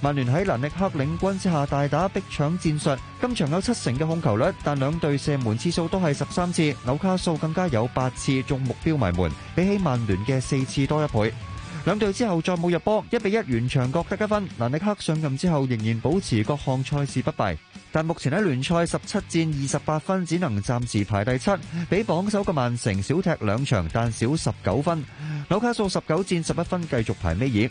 曼聯喺蘭尼克領軍之下大打逼搶戰術，今場有七成嘅控球率，但兩隊射門次數都係十三次，紐卡素更加有八次中目標埋門，比起曼聯嘅四次多一倍。兩隊之後再冇入波，一比一完場各得一分。蘭尼克上任之後仍然保持各項賽事不敗，但目前喺聯賽十七戰二十八分，只能暫時排第七，比榜首嘅曼城少踢兩場，但少十九分。紐卡素十九戰十一分，繼續排尾二。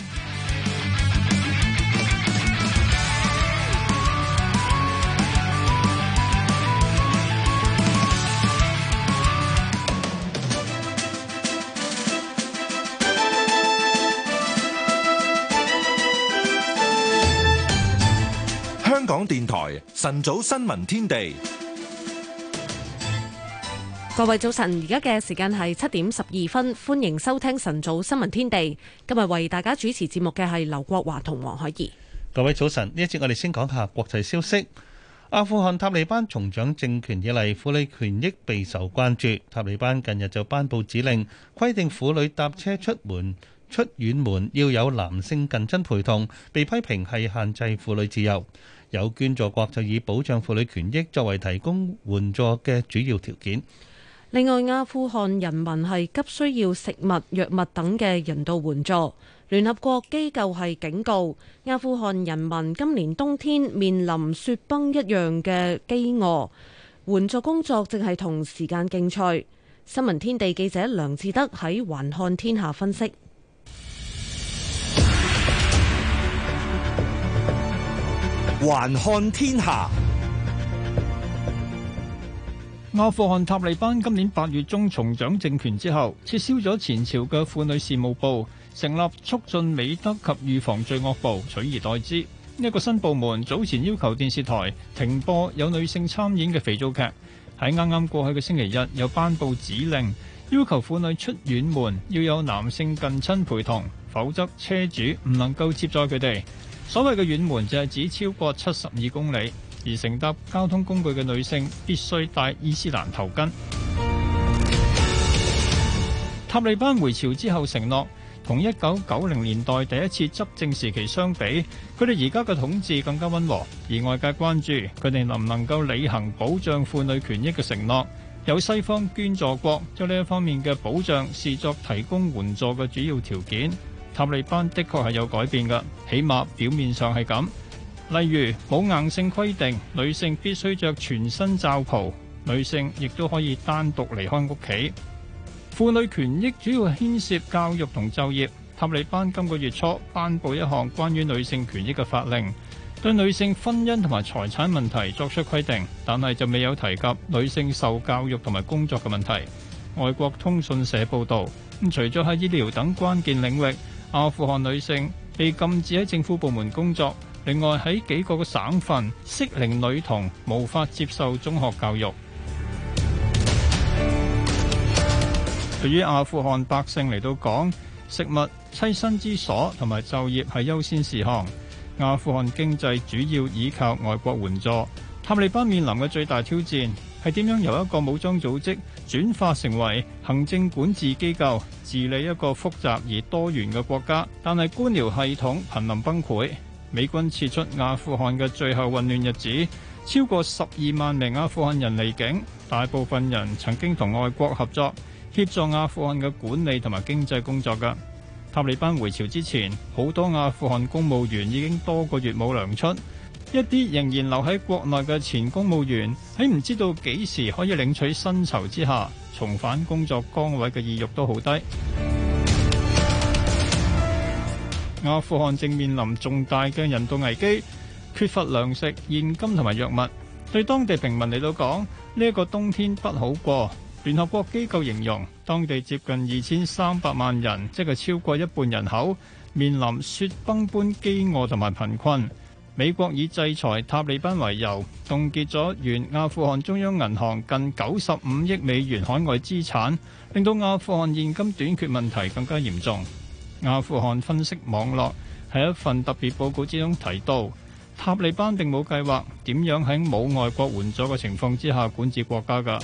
台晨早新聞天地，各位早晨，而家嘅時間係七點十二分，歡迎收聽晨早新聞天地。今日為大家主持節目嘅係劉國華同黃海怡。各位早晨，呢一節我哋先講下國際消息。阿富汗塔利班重掌政權以嚟，婦女權益備受關注。塔利班近日就頒布指令，規定婦女搭車出門出遠門要有男性近親陪同，被批評係限制婦女自由。有捐助國就以保障婦女權益作為提供援助嘅主要條件。另外，阿富汗人民係急需要食物、藥物等嘅人道援助。聯合國機構係警告阿富汗人民今年冬天面臨雪崩一樣嘅飢餓。援助工作正係同時間競賽。新聞天地記者梁志德喺環看天下分析。環看天下，阿富汗塔利班今年八月中重掌政權之後，撤銷咗前朝嘅婦女事務部，成立促進美德及預防罪惡部取而代之。一個新部門早前要求電視台停播有女性參演嘅肥皂劇。喺啱啱過去嘅星期日，有頒布指令，要求婦女出遠門要有男性近親陪同，否則車主唔能夠接載佢哋。所謂嘅遠門就係指超過七十二公里，而乘搭交通工具嘅女性必須戴伊斯蘭頭巾。塔利班回朝之後承諾，同一九九零年代第一次執政時期相比，佢哋而家嘅統治更加温和，而外界關注佢哋能唔能夠履行保障婦女權益嘅承諾。有西方捐助國將呢一方面嘅保障視作提供援助嘅主要條件。塔利班的確係有改變㗎，起碼表面上係咁。例如，冇硬性規定女性必須着全身罩袍，女性亦都可以單獨離開屋企。婦女權益主要牽涉教育同就業。塔利班今個月初頒布一項關於女性權益嘅法令，對女性婚姻同埋財產問題作出規定，但係就未有提及女性受教育同埋工作嘅問題。外國通訊社報道，咁除咗喺醫療等關鍵領域。阿富汗女性被禁止喺政府部門工作，另外喺幾個嘅省份適齡女童無法接受中學教育。 對於阿富汗百姓嚟到講，食物、棲身之所同埋就業係優先事項。阿富汗經濟主要依靠外國援助。塔利班面臨嘅最大挑戰係點樣由一個武裝組織轉化成為行政管治機構，治理一個複雜而多元嘅國家，但係官僚系統瀕臨崩潰。美軍撤出阿富汗嘅最後混亂日子，超過十二萬名阿富汗人離境，大部分人曾經同外國合作協助阿富汗嘅管理同埋經濟工作㗎。塔利班回朝之前，好多阿富汗公務員已經多個月冇糧出。一啲仍然留喺國內嘅前公務員，喺唔知道幾時可以領取薪酬之下，重返工作崗位嘅意欲都好低。 阿富汗正面臨重大嘅人道危機，缺乏糧食、現金同埋藥物，對當地平民嚟到講，呢、這、一個冬天不好過。聯合國機構形容，當地接近二千三百萬人，即係超過一半人口，面臨雪崩般饑餓同埋貧困。美國以制裁塔利班為由，凍結咗原阿富汗中央銀行近九十五億美元海外資產，令到阿富汗現金短缺問題更加嚴重。阿富汗分析網絡喺一份特別報告之中提到，塔利班並冇計劃點樣喺冇外國援助嘅情況之下管治國家㗎。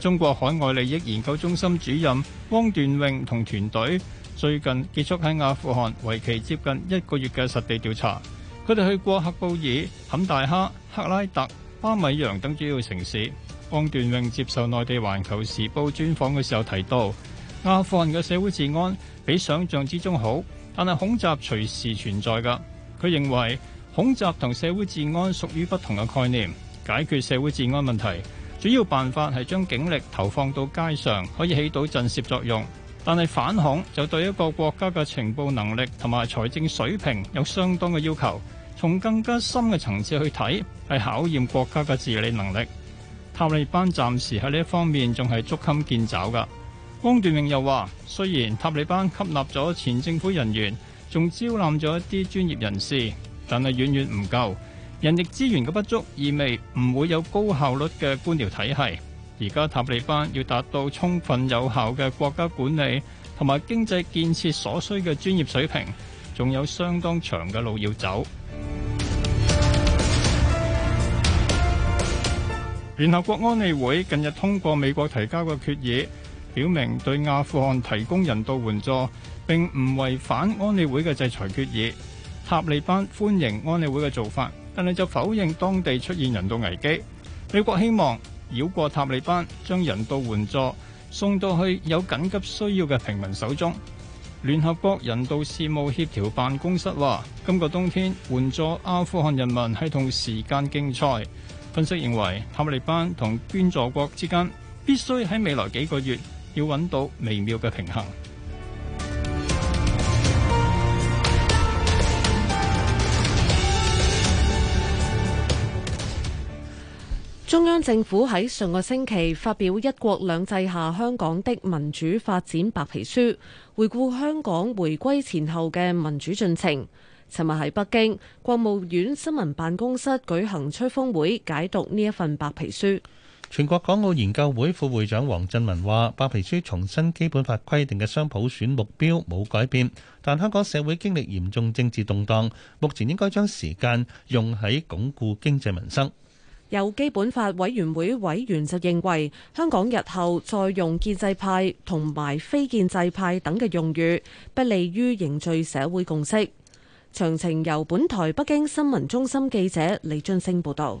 中國海外利益研究中心主任汪段泳同團隊最近結束喺阿富汗，為期接近一個月嘅實地調查，佢哋去過喀布爾、坎大哈、克拉特、巴米揚等主要城市。安段榮接受內地《環球時報》專訪嘅時候提到，阿富汗嘅社會治安比想像之中好，但係恐襲隨時存在㗎。佢認為恐襲同社會治安屬於不同嘅概念，解決社會治安問題主要辦法係將警力投放到街上，可以起到震懾作用。但係反恐就對一個國家嘅情報能力同埋財政水平有相當嘅要求，從更加深嘅層次去睇，係考驗國家嘅治理能力。塔利班暫時喺呢一方面仲係捉襟見肘噶。汪段明又話，雖然塔利班吸納咗前政府人員，仲招攬咗一啲專業人士，但係遠遠唔夠，人力資源嘅不足意味唔會有高效率嘅官僚體系。而家塔利班要達到充分有效嘅國家管理同埋經濟建設所需嘅專業水平，仲有相當長嘅路要走。聯合 國安理會近日通過美國提交嘅決議，表明對阿富汗提供人道援助，並唔違反安理會嘅制裁決議。塔利班歡迎安理會嘅做法，但係就否認當地出現人道危機。美國希望，繞過塔利班，將人道援助送到去有緊急需要嘅平民手中。聯合國人道事務協調辦公室話，今個冬天援助阿富汗人民係同時間競賽。分析認為，塔利班同捐助國之間必須喺未來幾個月要揾到微妙嘅平衡。中央政府喺上個星期發表《一國兩制下香港的民主發展白皮書》，回顧香港回歸前後嘅民主進程。尋日喺北京，國務院新聞辦公室舉行吹風會，解讀呢一份白皮書。全國港澳研究會副會長黃振文話：白皮書重申《基本法》規定嘅雙普選目標冇改變，但香港社會經歷嚴重政治動盪，目前應該將時間用喺鞏固經濟民生。有基本法委員會委員就認為香港日後再用建制派同埋非建制派等嘅用語不利於凝聚社會共識，詳情由本台北京新聞中心記者李俊升報道。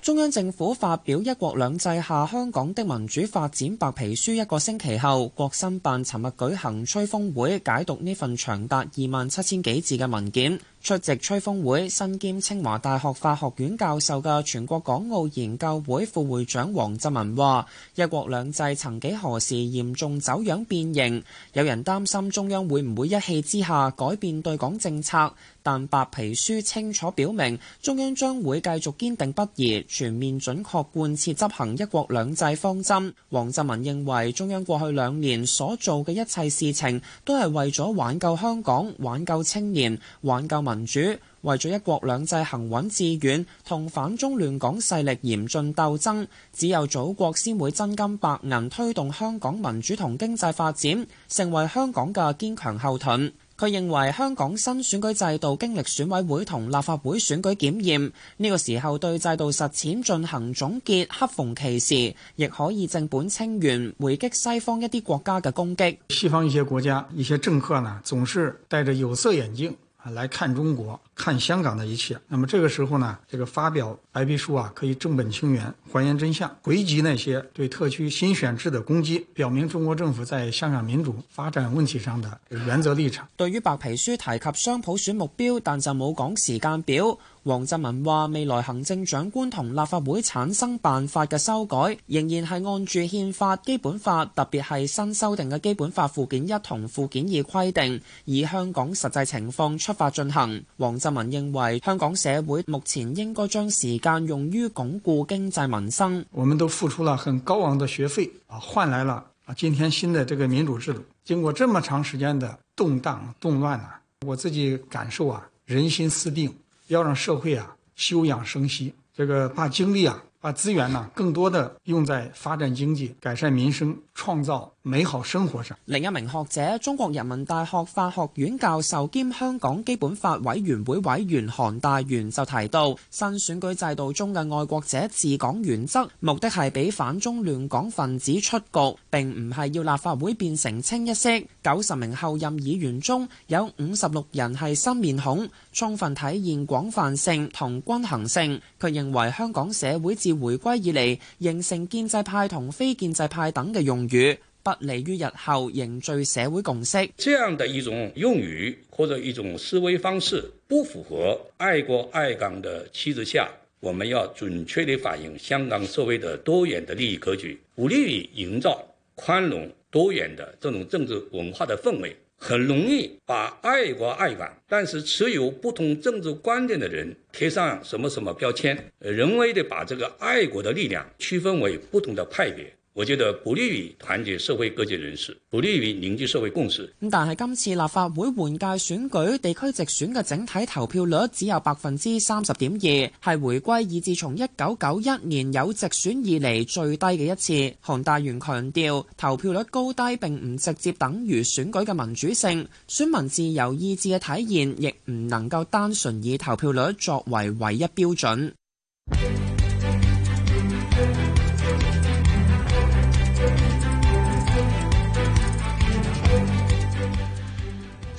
中央政府發表《一國兩制下香港的民主發展白皮書》一個星期後，國新辦尋日舉行吹風會解讀呢份長達二萬七千幾字嘅文件。出席吹風會、身兼清華大學法學院教授嘅全國港澳研究會副會長王振文話：一國兩制曾幾何時嚴重走樣變形。有人擔心中央會唔會一氣之下改變對港政策，但白皮書清楚表明，中央將會繼續堅定不移、全面準確貫徹執行一國兩制方針。王振文認為，中央過去兩年所做嘅一切事情，都係為咗挽救香港、挽救青年、挽救民民主為咗一國兩制行穩致遠，同反中亂港勢力嚴峻鬥爭，只有祖國先會真金白銀推動香港民主同經濟發展，成為香港嘅堅強後盾。佢認為香港新選舉制度經歷選委會同立法會選舉檢驗，呢個時候對制度實踐進行總結，恰逢其時，亦可以正本清源，回擊西方一啲國家嘅攻擊。西方一些國家、一些政客呢，總是戴着有色眼鏡。來看中國。看香港的一切，那麼這個時候呢，這個發表白皮書啊，可以正本清源，還原真相，回擊那些對特區新選制的攻擊，表明中國政府在香港民主發展問題上的原則立場。對於白皮書提及雙普選目標，但就冇講時間表。黃振文話，未來行政長官同立法會產生辦法嘅修改，仍然係按住憲法、基本法，特別係新修訂嘅基本法附件一同附件二規定，以香港實際情況出發進行。黃。新聞認為，香港社會目前應該將時間用於鞏固經濟民生。我們都付出了很高昂的學費啊，換來了啊今天新的這個民主制度。經過這麼長時間的動蕩動亂呢，我自己感受啊人心思定，要讓社會啊休養生息，這個把精力啊、把資源呢，更多的用在發展經濟、改善民生、創造。美好生活上，另一名學者，中國人民大學法學院教授兼香港基本法委員會委員韓大元就提到，新選舉制度中嘅愛國者治港原則，目的係俾反中亂港分子出局，並唔係要立法會變成清一色。九十名候任議員中有五十六人係新面孔，充分體現廣泛性同均衡性。佢認為，香港社會自回歸以嚟形成建制派同非建制派等嘅用語。不利於日後凝聚社會共識。這樣的一種用語或者一種思維方式，不符合愛國愛港的旗幟下，我們要準確地反映香港社會的多元的利益格局，不利於營造寬容多元的這種政治文化的氛圍。很容易把愛國愛港，但是持有不同政治觀點的人貼上什麼什麼標籤，人為地把這個愛國的力量區分為不同的派別。我覺得不利於團結社會各界人士，不利於凝聚社會共識。但係今次立法會換屆選舉，地區直選嘅整體投票率只有百分之三十點二，係回歸以至從一九九一年有直選以嚟最低嘅一次。韓大元強調，投票率高低並唔直接等於選舉嘅民主性，選民自由意志嘅體現亦唔能夠單純以投票率作為唯一標準。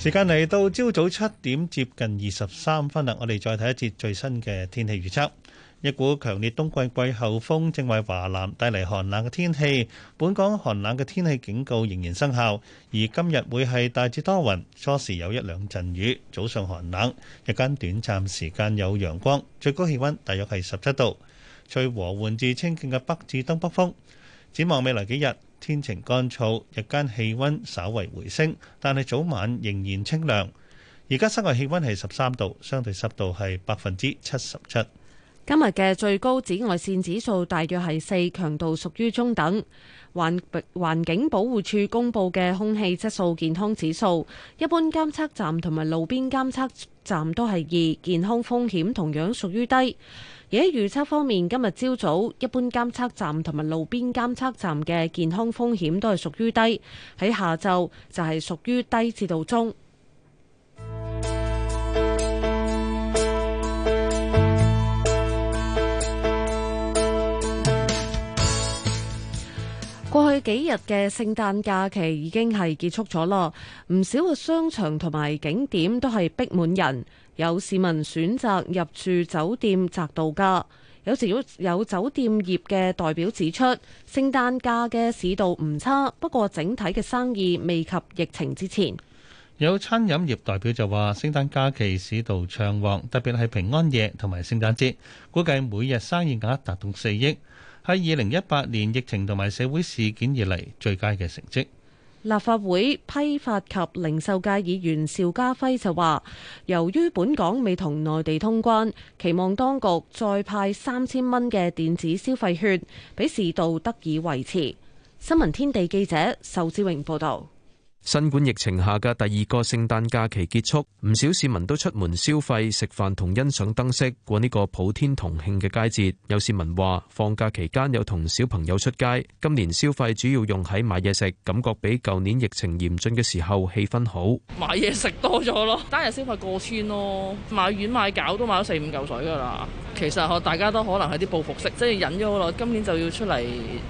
時間嚟到朝早七點接近二十三分啦，我哋再睇一節最新嘅天氣預測。一股強烈冬季季候風正為華南帶嚟寒冷嘅天氣，本港寒冷嘅天氣警告仍然生效。而今日會係大致多雲，初時有一兩陣雨，早上寒冷，日間短暫時間有陽光，最高氣温大約係十七度，隨和緩至清勁嘅北至東北風。展望未來幾日。天晴乾燥，日間氣温稍為回升，但係早晚仍然清涼。而家室外氣温係十三度，相對濕度係百分之七十七。今日嘅最高紫外線指數大約係四，強度屬於中等。環環境保護署公布嘅空氣質素健康指數，一般監測站同埋路邊監測站都係二，健康風險同樣屬於低。而喺預測方面，今日朝早一般監測站同埋路邊監測站嘅健康風險都係屬於低，喺下晝就係屬於低至到中。過去幾日嘅聖誕假期已經係結束咗咯，唔少嘅商場同埋景點都係逼滿人，有市民選擇入住酒店宅度假。有有酒店業嘅代表指出，聖誕假嘅市道唔差，不過整體嘅生意未及疫情之前。有餐飲業代表就話，聖誕假期市道暢旺，特別係平安夜同埋聖誕節，估計每日生意額達到四億。喺二零一八年疫情同埋社會事件以嚟最佳嘅成績。立法會批發及零售界議員邵家輝就話：由於本港未同內地通關，期望當局再派三千蚊嘅電子消費券，俾市道得以維持。新聞天地記者仇志榮報道。新冠疫情下嘅第二個聖誕假期結束，唔少市民都出門消費、食飯同欣賞燈飾，過呢個普天同慶嘅佳節。有市民話，放假期間有同小朋友出街，今年消費主要用喺買嘢食，感覺比舊年疫情嚴峻嘅時候氣氛好。買嘢食多咗咯，單日消費過千咯，買丸買餃都買咗四五嚿水噶啦。其實大家都可能係啲報復式，即係忍咗好耐。今年就要出嚟，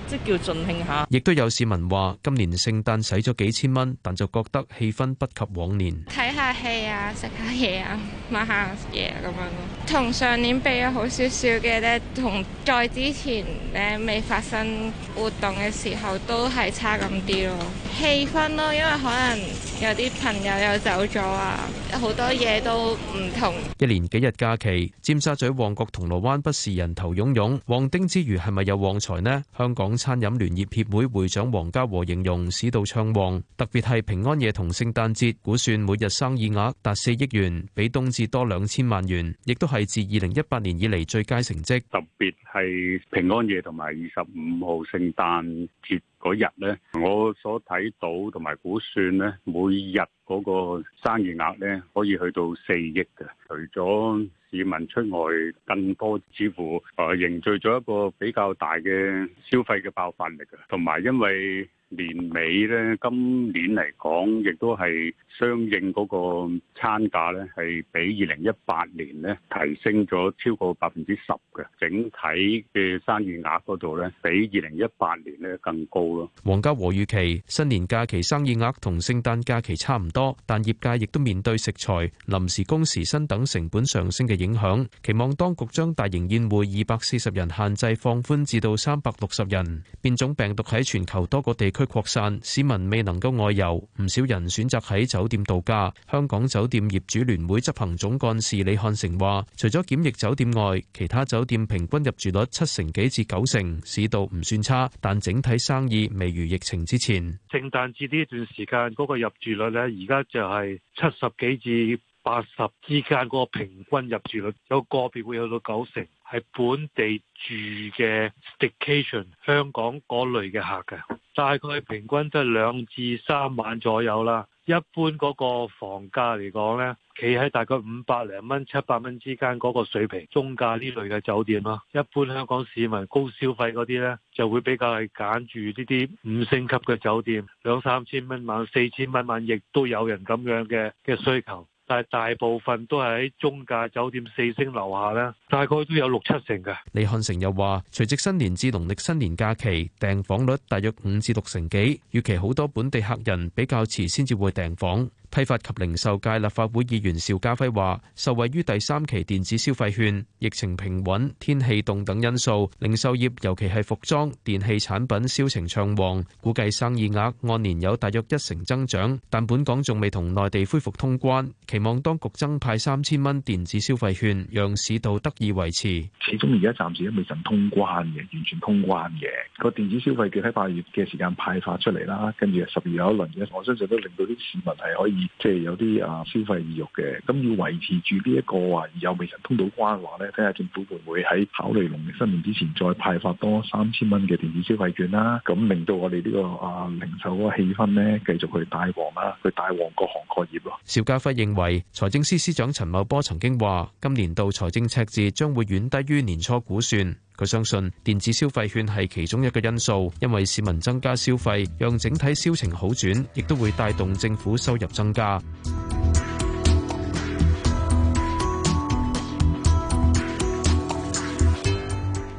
即係叫盡興下。亦都有市民話，今年聖誕使咗幾千蚊。但就覺得氣氛不及往年，睇下戲啊，食下嘢啊，買下嘢咁樣咯。同上年比好少少嘅咧，同再之前咧未發生活動嘅時候都係差咁啲咯，氣氛咯，因為可能有啲朋友又走咗啊，好多嘢都唔同。一連幾日假期，尖沙咀、旺角、銅鑼灣不是人頭湧湧，旺丁之餘係咪有旺財呢？香港餐飲聯業協會會長黃家和形容市道暢旺，特別係。係平安夜同聖誕節估算每日生意額達四億元，比冬至多兩千萬元，亦都係自二零一八年以嚟最佳成績。特別係平安夜同埋二十五號聖誕節嗰日咧，我所睇到同埋估算咧，每日嗰個生意額咧可以去到四億嘅。除咗市民出外更多似乎誒凝聚咗一個比較大嘅消費嘅爆發力啊，同埋因為。年尾咧，今年嚟講，亦都係相應嗰個餐價咧，係比二零一八年咧提升咗超過百分之十嘅，整體嘅生意額嗰度咧，比二零一八年咧更高咯。黃家和預期新年假期生意額同聖誕假期差唔多，但業界亦都面對食材、臨時工時薪等成本上升嘅影響，期望當局將大型宴會二百四十人限制放寬至到三百六十人。變種病毒喺全球多個地區擴散，市民未能夠外遊，唔少人選擇喺酒店度假。香港酒店業主聯會執行總幹事李漢成話，除咗檢疫酒店外，其他酒店平均入住率七成幾至九成，市道唔算差，但整體生意未如疫情之前。聖誕節呢段時間嗰個入住率呢，而家就係七十幾至。八十之間嗰個平均入住率，有個別會去到九成，係本地住嘅 staycation 香港嗰類嘅客嘅，大概平均都係兩至三晚左右啦。一般嗰個房價嚟講呢，企喺大概五百零蚊、七百蚊之間嗰個水平，中價呢類嘅酒店咯。一般香港市民高消費嗰啲呢，就會比較係揀住呢啲五星級嘅酒店，兩三千蚊晚、四千蚊晚，亦都有人咁樣嘅嘅需求。但大部分都係喺中價酒店四星樓下咧，大概都有六七成嘅。李漢成又話，隨即新年至農曆新年假期訂房率大約五至六成幾，預期好多本地客人比較遲先至會訂房。批發及零售界立法會議員邵家輝話：受惠於第三期電子消費券、疫情平穩、天氣凍等因素，零售業尤其係服裝、電器產品銷情暢旺，估計生意額按年有大約一成增長。但本港仲未同內地恢復通關，期望當局增派三千蚊電子消費券，讓市道得以維持。始終而家暫時都未曾通關嘅，完全通關嘅個電子消費券喺八月嘅時間派發出嚟啦，跟住十二有一輪嘅，我相信都令到啲市民係可以。即係有啲啊，消費意欲嘅，咁要維持住呢一個話有未曾通到關嘅話，咧，睇下政府會唔會喺考慮農曆新年之前再派發多三千蚊嘅電子消費券啦，咁令到我哋呢個啊，零售個氣氛咧繼續去大旺啦，去大旺各行各業咯。邵家輝認為，財政司司長陳茂波曾經話，今年度財政赤字將會遠低於年初估算。佢相信電子消費券係其中一個因素，因為市民增加消費，讓整體銷情好轉，亦都會帶動政府收入增加。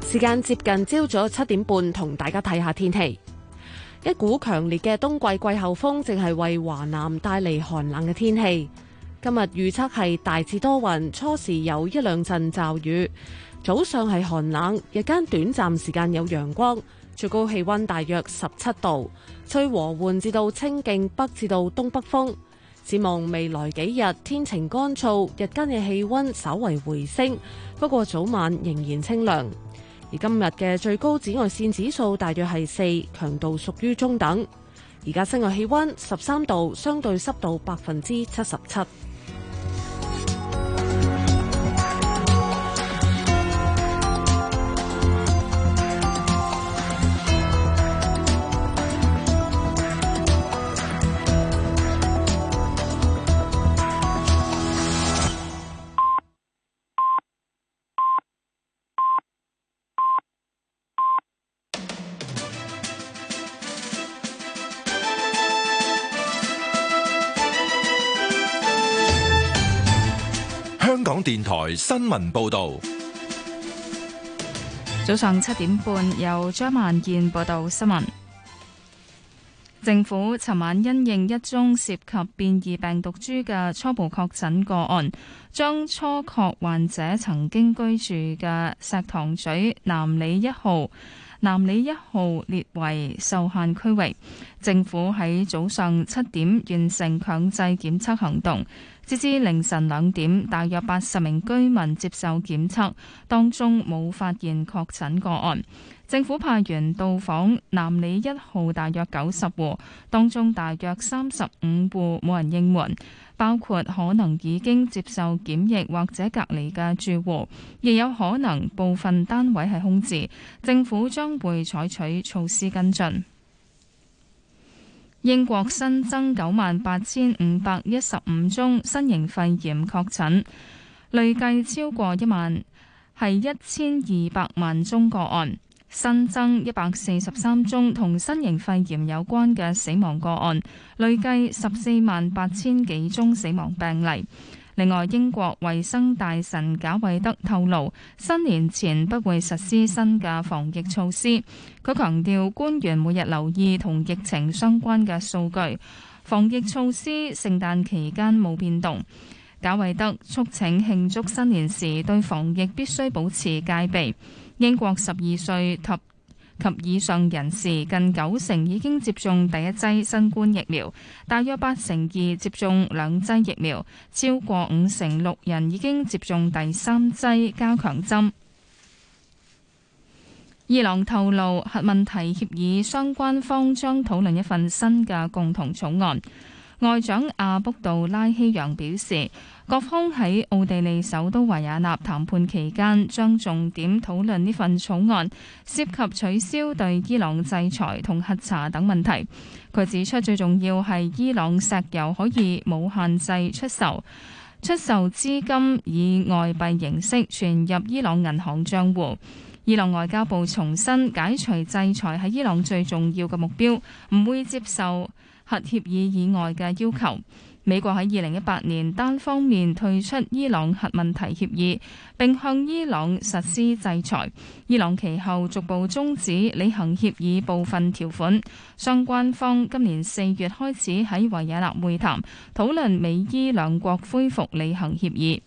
時間接近朝早七點半，同大家睇下天氣。一股強烈嘅冬季季候風正係為華南帶嚟寒冷嘅天氣。今日預測係大致多雲，初時有一兩陣驟雨。早上係寒冷，日間短暫時間有陽光，最高氣温大約十七度，吹和緩至到清勁北至到東北風。展望未來幾日天晴乾燥，日間嘅氣温稍為回升，不過早晚仍然清涼。而今日嘅最高紫外線指數大約係四，強度屬於中等。而家室外氣温十三度，相對濕度百分之七十七。電台新聞報道：早上七點半，由張萬健報道新聞。政府尋晚因應一宗涉及變異病毒株嘅初步確診個案，將初確患者曾經居住嘅石塘咀南里一號、南里一號列為受限區域。政府喺早上七點完成強制檢測行動。截至凌晨兩點，大約八十名居民接受檢測，當中冇發現確診個案。政府派員到訪南里一號，大約九十戶，當中大約三十五戶冇人應門，包括可能已經接受檢疫或者隔離嘅住戶，亦有可能部分單位係空置。政府將會採取措施跟進。英國新增九萬八千五百一十五宗新型肺炎確診，累計超過一萬，係一千二百萬宗個案。新增一百四十三宗同新型肺炎有關嘅死亡個案，累計十四萬八千幾宗死亡病例。另外，英國衛生大臣賈偉德透露，新年前不會實施新嘅防疫措施。佢強調，官員每日留意同疫情相關嘅數據，防疫措施聖誕期間冇變動。賈偉德促請慶祝新年時對防疫必須保持戒備。英國十二歲及及以上人士，近九成已經接種第一劑新冠疫苗，大約八成二接種兩劑疫苗，超過五成六人已經接種第三劑加強針。伊朗透露，核問題協議相關方將討論一份新嘅共同草案。外長阿卜杜拉希揚表示：各方喺奧地利首都維也納談判期間，將重點討論呢份草案，涉及取消對伊朗制裁同核查等問題。佢指出，最重要係伊朗石油可以無限制出售，出售資金以外幣形式存入伊朗銀行帳戶。伊朗外交部重申，解除制裁係伊朗最重要嘅目標，唔會接受核協議以外嘅要求。美國喺二零一八年單方面退出伊朗核問題協議，並向伊朗實施制裁。伊朗其後逐步終止履行協議部分條款。相關方今年四月開始喺維也納會談，討論美伊兩國恢復履行協議。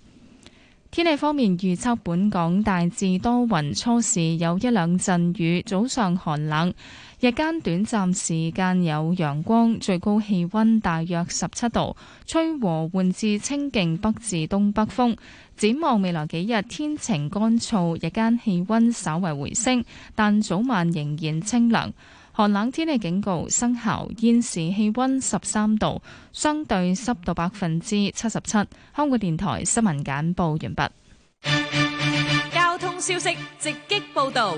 天氣方面預測，本港大致多雲，初時有一兩陣雨，早上寒冷，日間短暫時間有陽光，最高氣溫大約十七度，吹和緩至清勁北至東北風。展望未來幾日，天晴乾燥，日間氣溫稍為回升，但早晚仍然清涼。寒冷天氣警告生效，現時氣溫十三度，相對濕度百分之七十七。香港電台新聞簡報完畢。交通消息直擊報導。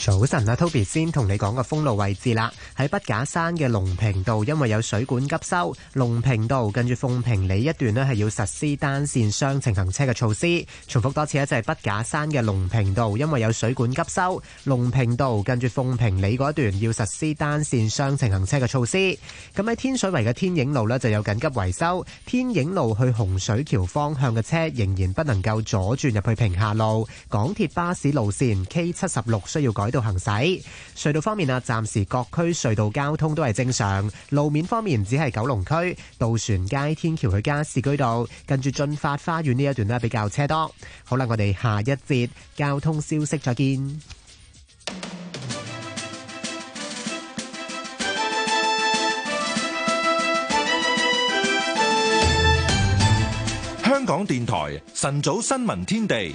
早晨啊，Toby 先同你講個封路位置啦。喺畢架山嘅龍坪道，因為有水管急修，龍坪道近住鳳坪里一段咧，係要實施單線雙程行車嘅措施。重複多次咧，就係畢架山嘅龍坪道，因為有水管急修，龍坪道近住鳳坪里一段要實施單線雙程行車嘅措施。咁喺天水圍嘅天影路咧，就有緊急維修。天影路去洪水橋方向嘅車仍然不能夠左轉入去屏廈路。港鐵巴士路線 K 七十六需要改。喺度行駛隧道方面啊，暫時各區隧道交通都係正常。路面方面，只係九龍區渡船街天橋去加士居道，近住駿發花園呢一段咧比較車多。好啦，我哋下一節交通消息再見。香港電台晨早新聞天地。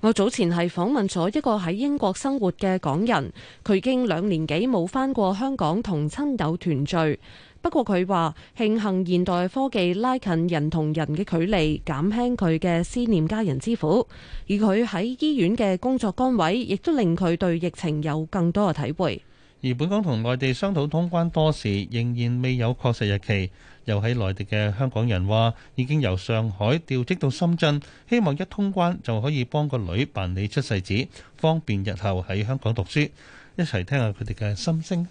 我早前係訪問咗一個喺英國生活嘅港人，佢已經兩年幾冇返過香港同親友團聚。不過佢話慶幸現代科技拉近人同人嘅距離，減輕佢嘅思念家人之苦。而佢喺醫院嘅工作崗位，亦都令佢對疫情有更多嘅體會。而本港同內地商討通關多時，仍然未有確實日期。又喺內地嘅香港人話，已經由上海調職到深圳，希望一通關就可以幫個女辦理出世紙，方便日後喺香港讀書。一齊聽下佢哋嘅心聲。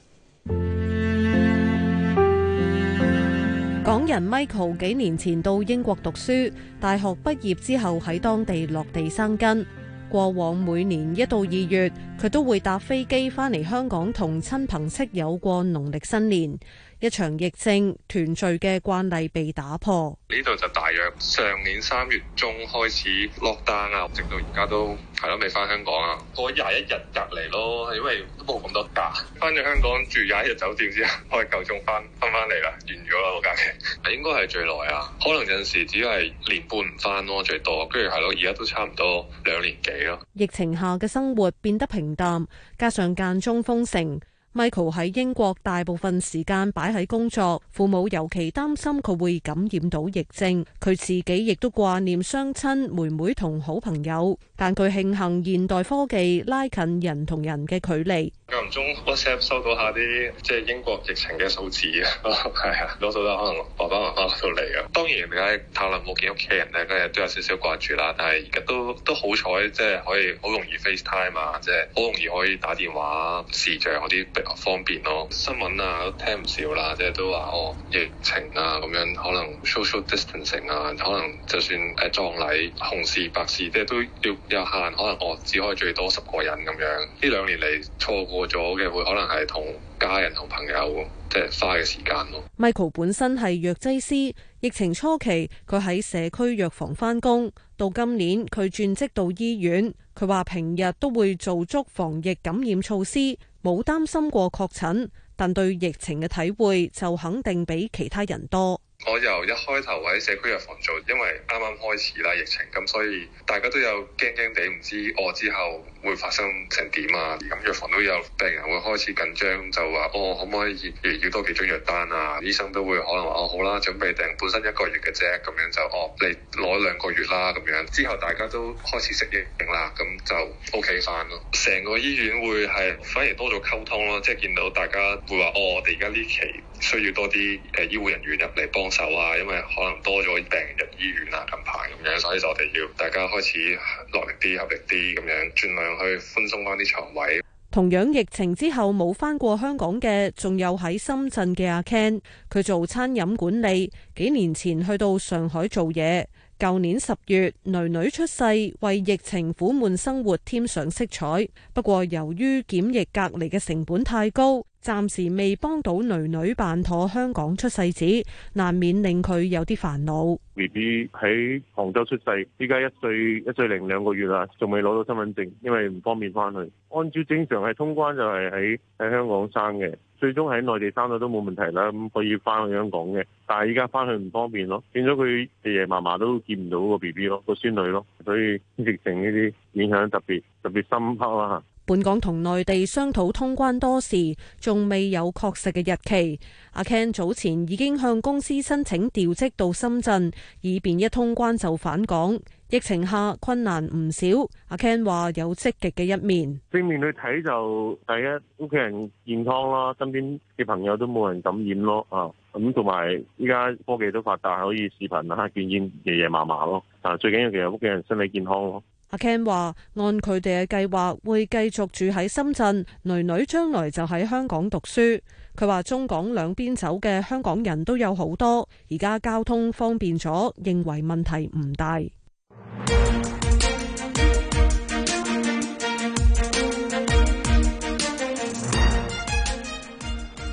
港人 Michael 幾年前到英國讀書，大學畢業之後喺當地落地生根。過往每年一到二月，佢都會搭飛機返嚟香港同親朋戚友過農曆新年。一場疫症團聚嘅慣例被打破，呢度就大約上年三月中開始落單啊，直到而家都係咯未翻香港啊，過廿一日入嚟咯，係因為都冇咁多假，翻咗香港住廿一日酒店之後， 我係夠鐘翻翻翻嚟啦，完咗啦個假期，應該係最耐啊，可能有陣時只係年半唔翻咯，最多，跟住係咯，而家都差唔多兩年幾咯。疫情下嘅生活變得平淡，加上間中封城。Michael 喺英國大部分時間擺喺工作，父母尤其擔心佢會感染到疫症，佢自己亦都掛念雙親、妹妹同好朋友，但佢慶幸現代科技拉近人同人嘅距離。間唔中 WhatsApp 收到下啲即係英國疫情嘅數字啊，係 啊，多數都可能爸爸媽媽到嚟啊。當然你喺塔林冇見屋企人咧，梗係都有少少掛住啦。但係而家都都好彩，即係可以好容易 FaceTime 啊，即係好容易可以打電話、視像嗰啲比較方便咯。新聞啊都聽唔少啦，即係都話哦，疫情啊咁樣，可能 social distancing 啊，可能就算誒葬禮、紅事、白事，即係都要有限，可能哦只可以最多十個人咁樣。呢兩年嚟錯過。過咗嘅，會可能係同家人、同朋友，即係花嘅時間咯。Michael 本身係藥劑師，疫情初期佢喺社區藥房翻工，到今年佢轉職到醫院。佢話平日都會做足防疫感染措施，冇擔心過確診，但對疫情嘅體會就肯定比其他人多。我由一開頭喺社區藥房做，因為啱啱開始啦疫情，咁所以大家都有驚驚地，唔知我之後會發生成點啊？咁藥房都有病人會開始緊張，就話哦，可唔可以要，要多幾張藥單啊？醫生都會可能話哦，好啦，準備訂本身一個月嘅啫，咁樣就哦，你攞兩個月啦咁樣。之後大家都開始適應定啦，咁就 OK 翻咯。成個醫院會係反而多咗溝通咯，即係見到大家會話哦，我哋而家呢期需要多啲誒醫護人員入嚟幫手啊，因為可能多咗病人入醫院啊近排咁樣，所以就我哋要大家開始落力啲、合力啲咁樣盡量，去寬鬆返啲牀位。同樣疫情之後冇返過香港嘅，仲有喺深圳嘅阿 Ken。佢做餐飲管理，幾年前去到上海做嘢。舊年十月，女女出世，為疫情苦悶生活添上色彩。不過由於檢疫隔離嘅成本太高，暫時未幫到囡囡辦妥香港出世紙，難免令佢有啲煩惱。B B 喺杭州出世，依家一歲一歲零兩個月啦，仲未攞到身份證，因為唔方便翻去。按照正常係通關就係喺喺香港生嘅，最終喺內地生咗都冇問題啦，咁可以翻去香港嘅。但係依家翻去唔方便咯，變咗佢爺爺嫲嫲都見唔到個 B B 咯，個孫女咯，所以疫情呢啲影響特別特別深刻啊！本港同內地商討通關多時，仲未有確實嘅日期。阿 Ken 早前已經向公司申請調職到深圳，以便一通關就返港。疫情下困難唔少，阿 Ken 話有積極嘅一面。正面去睇就第一屋企人健康咯，身邊嘅朋友都冇人感染咯啊。咁同埋依家科技都發達，可以視頻啊，見見爺爺嫲嫲咯。但最緊要其實屋企人身體健康咯。阿 Ken 話：按佢哋嘅計劃，會繼續住喺深圳，女女將來就喺香港讀書。佢話中港兩邊走嘅香港人都有好多，而家交通方便咗，認為問題唔大。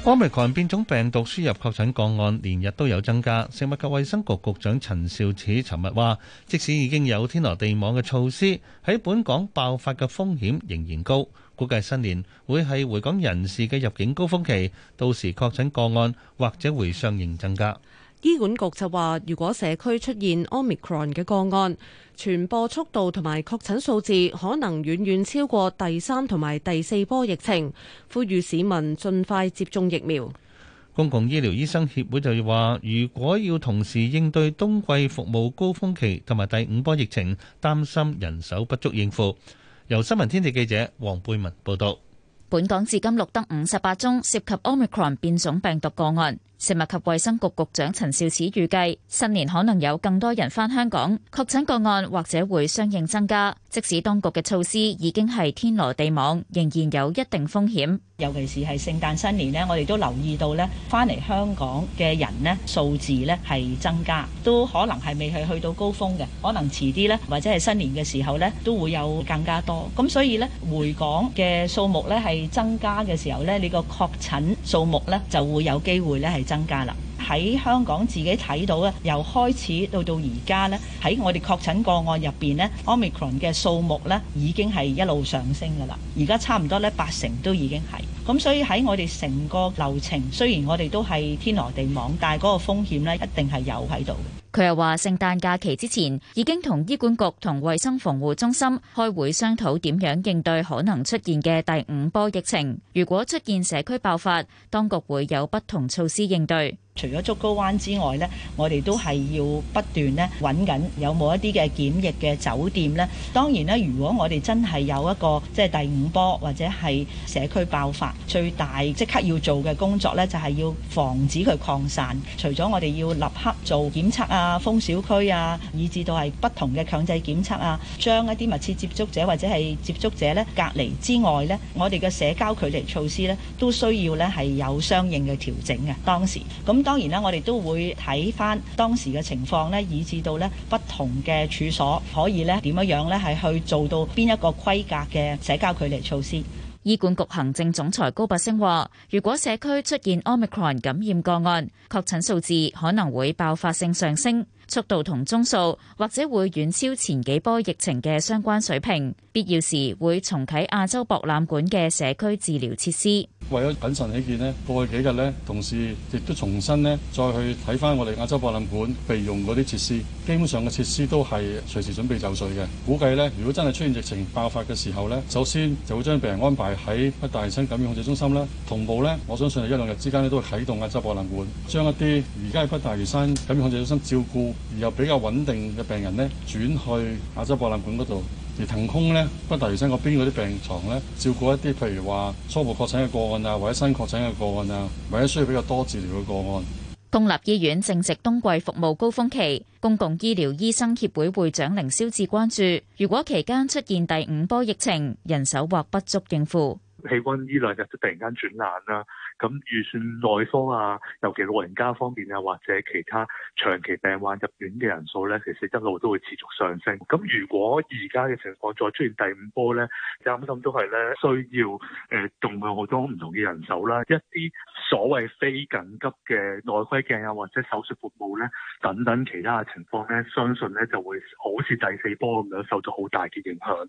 Omicron 變種病毒輸入確診個案連日都有增加，食物及衛生局局長陳肇始尋日話：即使已經有天羅地網嘅措施，喺本港爆發嘅風險仍然高。估計新年會係回港人士嘅入境高峰期，到時確診個案或者會上升增加。醫管局就話，如果社區出現 Omicron 嘅個案，傳播速度同埋確診數字可能遠遠超過第三同埋第四波疫情，呼籲市民盡快接種疫苗。公共醫療醫生協會就要話，如果要同時應對冬季服務高峰期同埋第五波疫情，擔心人手不足應付。由新聞天地記者黃貝文報道。本港至今錄得五十八宗涉及 Omicron 變種病毒個案。食物及衛生局局長陳肇始預計，新年可能有更多人返香港，確診個案或者會相應增加。即使當局嘅措施已經係天羅地網，仍然有一定風險。尤其是係聖誕新年呢，我哋都留意到呢，返嚟香港嘅人呢，數字呢係增加，都可能係未係去到高峰嘅，可能遲啲呢，或者係新年嘅時候呢都會有更加多。咁所以呢，回港嘅數目呢係增加嘅時候呢，你個確診數目呢就會有機會呢係增加。增加啦，喺香港自己睇到咧，由開始到到而家咧，喺我哋確診個案入邊咧，Omicron 嘅數目咧，已經係一路上升噶啦，而家差唔多咧八成都已經係，咁所以喺我哋成個流程，雖然我哋都係天羅地網，但係嗰個風險咧一定係有喺度。佢又話：聖誕假期之前已經同醫管局同衛生防護中心開會商討點樣應對可能出現嘅第五波疫情。如果出現社區爆發，當局會有不同措施應對。除咗竹篙灣之外咧，我哋都係要不斷咧揾緊有冇一啲嘅檢疫嘅酒店咧。當然咧，如果我哋真係有一個即係第五波或者係社區爆發，最大即刻要做嘅工作咧，就係、是、要防止佢擴散。除咗我哋要立刻做檢測啊、封小區啊，以至到係不同嘅強制檢測啊，將一啲密切接觸者或者係接觸者咧隔離之外咧，我哋嘅社交距離措施咧都需要咧係有相應嘅調整嘅。當時咁。當然啦，我哋都會睇返當時嘅情況咧，以至到咧不同嘅處所可以咧點樣樣咧係去做到邊一個規格嘅社交距離措施。醫管局行政總裁高拔陞話，如果社區出現 Omicron 感染個案，確診數字可能會爆發性上升。速度同宗數或者會遠超前幾波疫情嘅相關水平，必要時會重啟亞洲博覽館嘅社區治療設施。為咗謹慎起見呢，過去幾日呢，同事亦都重新呢再去睇翻我哋亞洲博覽館備用嗰啲設施，基本上嘅設施都係隨時準備就緒嘅。估計呢，如果真係出現疫情爆發嘅時候呢，首先就會將病人安排喺北大嶼山感染控制中心啦，同步呢，我相信係一兩日之間呢都會啟動亞洲博覽館，將一啲而家喺北大嶼山感染控制中心照顧。 而又比較穩定嘅病人咧，轉去亞洲博覽館嗰度而騰空咧，北大嶼山嗰邊嗰啲病床咧，照顧一啲譬如話初步確診嘅個案啊，或者新確診嘅個案啊，或者需要比較多治療嘅個案。公立醫院正值冬季服務高峰期，公共醫療醫生協會會長凌霄志關注，如果期間出現第五波疫情，人手或不足應付。氣温依兩日都突然間轉冷啦。咁預算內科啊，尤其老人家方面啊，或者其他長期病患入院嘅人數咧，其實一路都會持續上升。咁如果而家嘅情況再出現第五波咧，擔咁都係咧需要誒、呃、動用好多唔同嘅人手啦，一啲所謂非緊急嘅內窺鏡啊，或者手術服務咧等等其他嘅情況咧，相信咧就會好似第四波咁樣受咗好大嘅影響。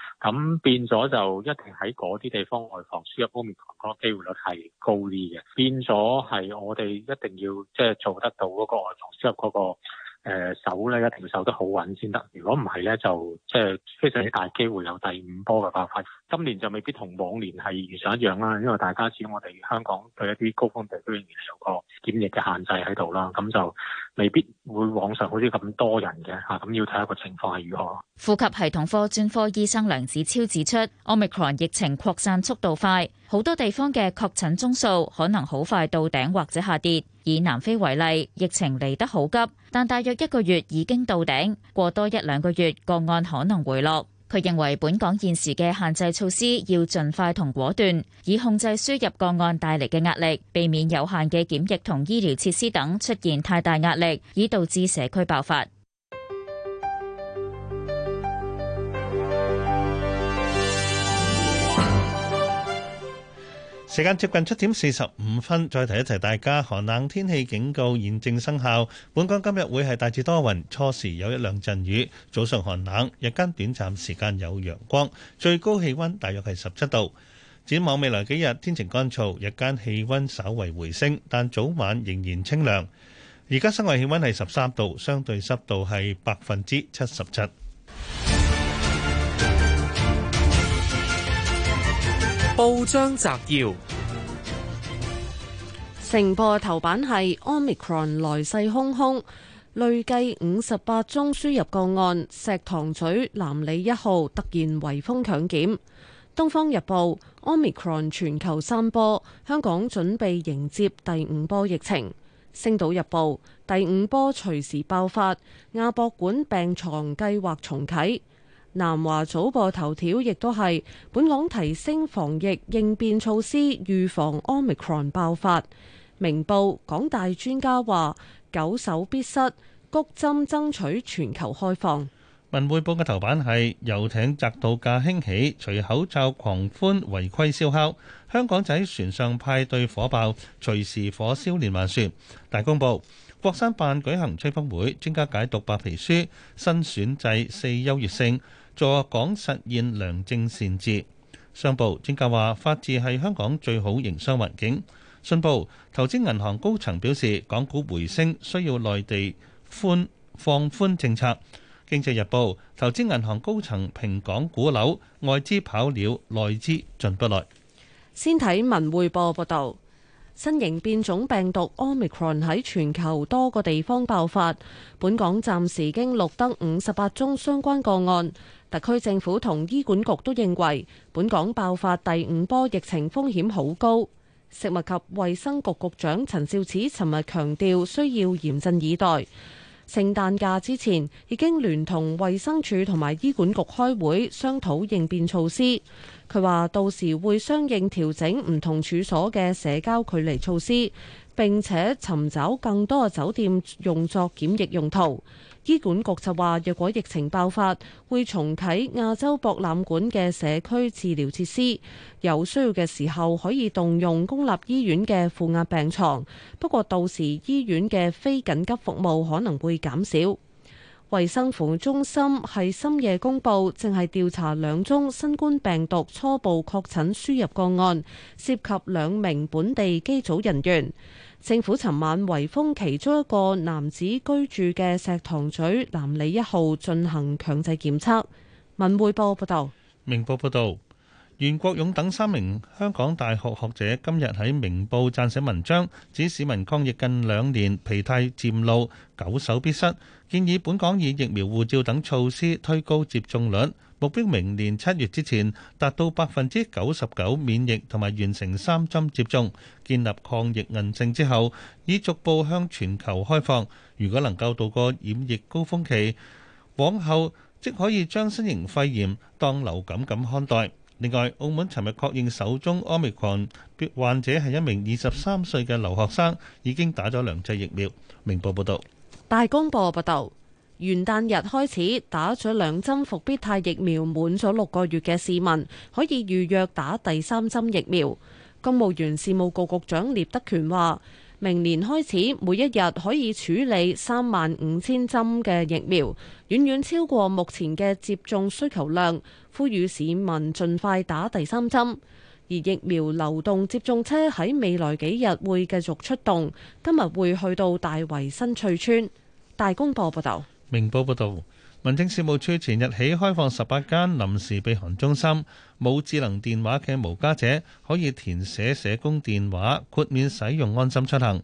咁變咗就一定喺嗰啲地方外防輸入方面，嗰個機會率係高啲嘅。變咗係我哋一定要即係做得到嗰個外防輸入嗰、嗰個、呃、手，守咧，一定要守得好穩先得。如果唔係咧，就即係非常之大機會有第五波嘅爆發。今年就未必同往年係完全一樣啦，因為大家，知我哋香港對一啲高風險地區仍然有個檢疫嘅限制喺度啦，咁就未必會往常好似咁多人嘅嚇，咁、啊、要睇下個情況係如何。呼吸系統科專科醫生梁子超指出，Omicron 疫情擴散速度快，好多地方嘅確診宗數可能好快到頂或者下跌。以南非為例，疫情嚟得好急，但大約一個月已經到頂，過多一兩個月個案可能回落。佢認為，本港現時嘅限制措施要盡快同果斷，以控制輸入個案帶嚟嘅壓力，避免有限嘅檢疫同醫療設施等出現太大壓力，以導致社區爆發。時間接近七點四十五分，再提一提大家，寒冷天氣警告現正生效。本港今日會係大致多雲，初時有一兩陣雨，早上寒冷，日間短暫時間有陽光，最高氣溫大約係十七度。展望未來幾日，天晴乾燥，日間氣溫稍為回升，但早晚仍然清涼。而家室外氣溫係十三度，相對濕度係百分之七十七。報章摘要：成報頭版係 Omicron 來勢洶洶，累計五十八宗輸入個案。石塘咀南里一號突然圍封強檢。東方日報：Omicron 全球散播，香港準備迎接第五波疫情。星島日報：第五波隨時爆發。亞博館病床計劃重啟。南華早報頭條亦都係本港提升防疫應變措施預防 Omicron 爆發。明報港大專家話久守必失，谷針爭取全球開放。文匯報嘅頭版係遊艇宅度假興起，除口罩狂歡違規燒烤，香港仔船上派對火爆，隨時火燒連環船。大公報國新辦舉行吹風會，專家解讀白皮書新選制四優越性。助港實現良政善治。商報專家話：法治係香港最好營商環境。信報投資銀行高層表示，港股回升需要內地寬放寬政策。經濟日報投資銀行高層評港股樓，外資跑了，內資進不來。先睇文匯報報道：新型變種病毒 Omicron 喺全球多個地方爆發，本港暫時經錄得五十八宗相關個案。特區政府同醫管局都認為，本港爆發第五波疫情風險好高。食物及衛生局局長陳肇始尋日強調，需要嚴陣以待。聖誕假之前，已經聯同衛生署同埋醫管局開會商討應變措施。佢話到時會相應調整唔同處所嘅社交距離措施，並且尋找更多嘅酒店用作檢疫用途。醫管局就話，若果疫情爆發，會重啟亞洲博覽館嘅社區治療設施，有需要嘅時候可以動用公立醫院嘅負壓病床，不過到時醫院嘅非緊急服務可能會減少。衛生防護中心喺深夜公布，正係調查兩宗新冠病毒初步確診輸入個案，涉及兩名本地機組人員。政府尋晚圍封其中一個男子居住嘅石塘咀南里一號進行強制檢測。文匯報報道，明報報道，袁國勇等三名香港大學學者今日喺明報撰寫文章，指市民抗疫近兩年疲態漸露，久守必失，建議本港以疫苗護照等措施推高接種率。目標明年七月之前達到百分之九十九免疫同埋完成三針接種，建立抗疫韌性之後，已逐步向全球開放。如果能夠度過染疫高峰期，往後即可以將新型肺炎當流感咁看待。另外，澳門尋日確認首宗奧密克戎患者係一名二十三歲嘅留學生，已經打咗兩劑疫苗。明報報導，大公報報導。元旦日開始打咗兩針復必泰疫苗，滿咗六個月嘅市民可以預約打第三針疫苗。公務員事務局局長聶德權話，明年開始每一日可以處理三萬五千針嘅疫苗，遠遠超過目前嘅接種需求量，呼籲市民盡快打第三針。而疫苗流動接種車喺未來幾日會繼續出動，今日會去到大圍新翠村。大公報報道。明報報道：民政事務處前日起開放十八間臨時避寒中心，冇智能電話嘅無家者可以填寫社工電話，豁免使用安心出行。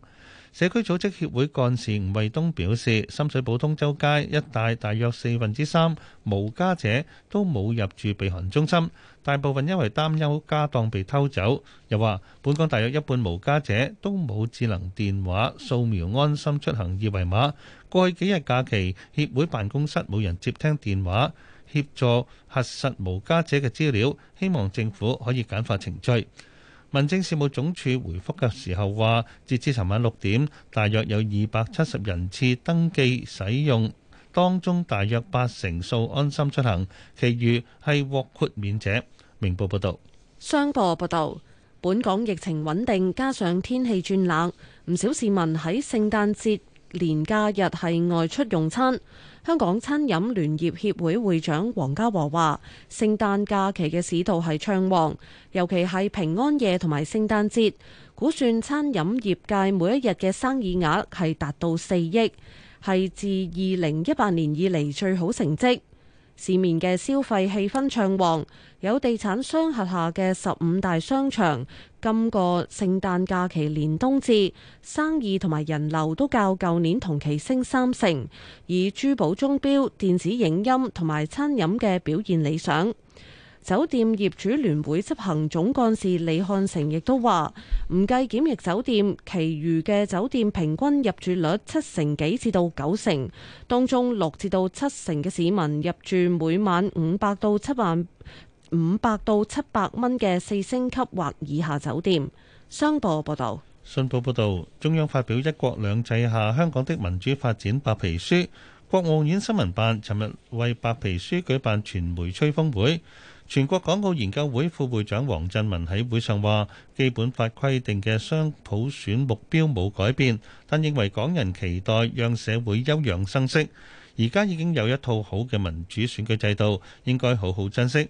社區組織協會幹事吳衛東表示，深水埗通州街一帶大約四分之三無家者都冇入住避寒中心，大部分因為擔憂家當被偷走。又話，本港大約一半無家者都冇智能電話、掃描安心出行二維碼。過去幾日假期，協會辦公室冇人接聽電話，協助核實無家者嘅資料，希望政府可以簡化程序。民政事務總署回覆嘅時候話，截至尋晚六點，大約有二百七十人次登記使用，當中大約八成數安心出行，其餘係獲豁免者。明報報道。商報報道，本港疫情穩定，加上天氣轉冷，唔少市民喺聖誕節連假日係外出用餐。香港餐飲聯業協會會長黃家和話，聖誕假期嘅市道係暢旺，尤其係平安夜同埋聖誕節，估算餐飲業界每一日嘅生意額係達到四億，係自二零一八年以嚟最好成績。市面嘅消費氣氛暢旺。有地產商轄下嘅十五大商場，今個聖誕假期連冬至，生意同埋人流都較舊年同期升三成，以珠寶鐘錶、電子影音同埋餐飲嘅表現理想。酒店業主聯會執行總幹事李漢成亦都話，唔計檢疫酒店，其餘嘅酒店平均入住率七成幾至到九成，當中六至到七成嘅市民入住每晚五百到七萬五百到七百蚊嘅四星級或以下酒店。商報報道，信報報道，中央發表《一國兩制下香港的民主發展白皮書》，國務院新聞辦尋日為白皮書舉辦傳媒吹風會，全國港澳研究會副會長黃振文喺會上話：基本法規定嘅雙普選目標冇改變，但認為港人期待讓社會休養生息，而家已經有一套好嘅民主選舉制度，應該好好珍惜。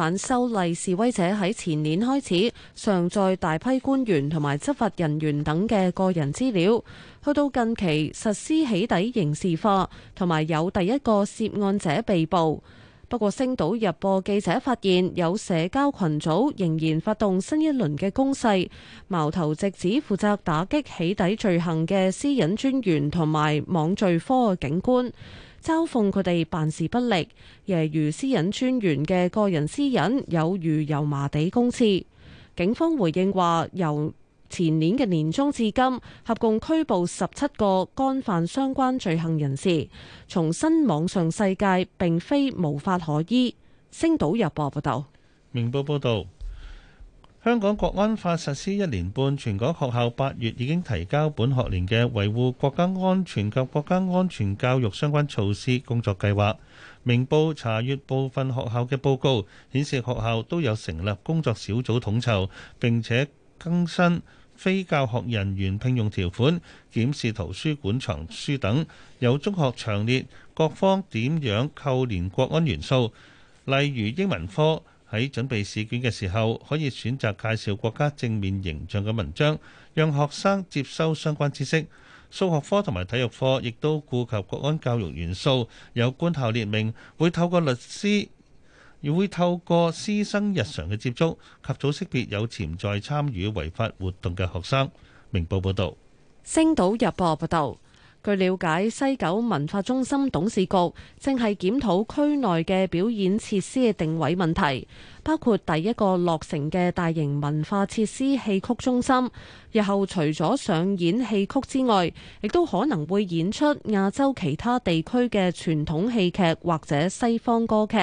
反修例示威者喺前年開始，上載大批官員同埋執法人員等嘅個人資料，去到近期實施起底刑事化，同埋有第一個涉案者被捕。不過星島，星島日報記者發現，有社交群組仍然發動新一輪嘅攻勢，矛頭直指負責打擊起底罪行嘅私隱專員同埋網罪科警官。嘲諷佢哋辦事不力，揶揄私隱專員嘅個人私隱有如油麻地公廁。警方回應話，由前年嘅年中至今，合共拘捕十七個干犯相關罪行人士。從新網上世界並非無法可依。星島日報報道。明報報道。香港國安法實施一年半，全港學校八月已經提交本學年嘅維護國家安全及國家安全教育相關措施工作計劃。明報查閱部分學校嘅報告，顯示學校都有成立工作小組統籌，並且更新非教學人員聘用條款，檢視圖書館藏書等。有中學詳列各方點樣扣連國安元素，例如英文科。喺準備試卷嘅時候，可以選擇介紹國家正面形象嘅文章，讓學生接收相關知識。數學科同埋體育課亦都顧及國安教育元素。有官校列明會透過律師，而會透過師生日常嘅接觸及早識別有潛在參與違法活動嘅學生。明報報道。星島日報報道。據了解，西九文化中心董事局正係檢討區內嘅表演設施嘅定位問題，包括第一個落成嘅大型文化設施戲曲中心，日後除咗上演戲曲之外，亦都可能會演出亞洲其他地區嘅傳統戲劇或者西方歌劇。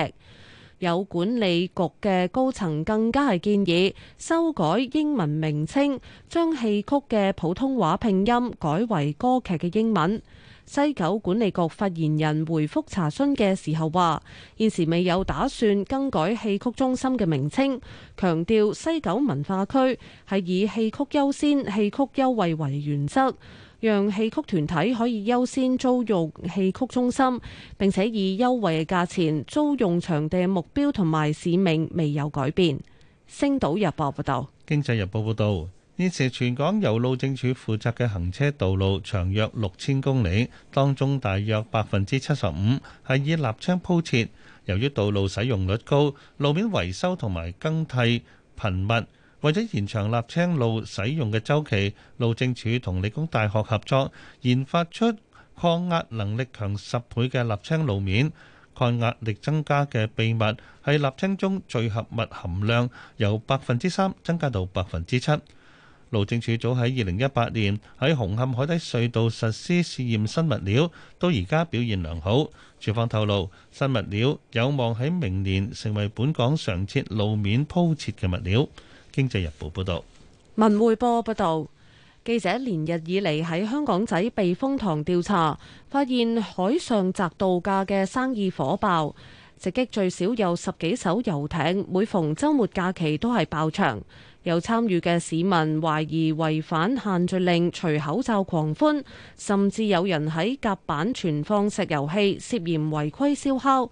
有管理局嘅高層更加係建議修改英文名稱，將戲曲嘅普通話拼音改為歌劇嘅英文。西九管理局發言人回覆查詢嘅時候話，現時未有打算更改戲曲中心嘅名稱，強調西九文化區係以戲曲優先、戲曲優惠為原則。讓戲曲團體可以優先租用戲曲中心，並且以優惠嘅價錢租用場地，目標同埋使命未有改變。星島日報報導，經濟日報報導，現時全港由路政署負責嘅行車道路長約六千公里，當中大約百分之七十五係以瀝青鋪設。由於道路使用率高，路面維修同埋更替頻密。為咗延長立青路使用嘅周期，路政署同理工大學合作研發出抗壓能力強十倍嘅瀝青路面。抗壓力增加嘅秘密係瀝青中聚合物含量由百分之三增加到百分之七。路政署早喺二零一八年喺紅磡海底隧道實施試驗新物料，到而家表現良好。處方透露新物料有望喺明年成為本港常設路面鋪設嘅物料。經濟日報報道，文匯報報道，記者連日以嚟，喺香港仔避風塘調查，發現海上宅度假嘅生意火爆，直擊最少有十幾艘遊艇，每逢周末假期都係爆場。有參與嘅市民懷疑違，違反限聚令，除口罩狂歡，甚至有人喺甲板存放石油氣，涉嫌違規燒，燒烤。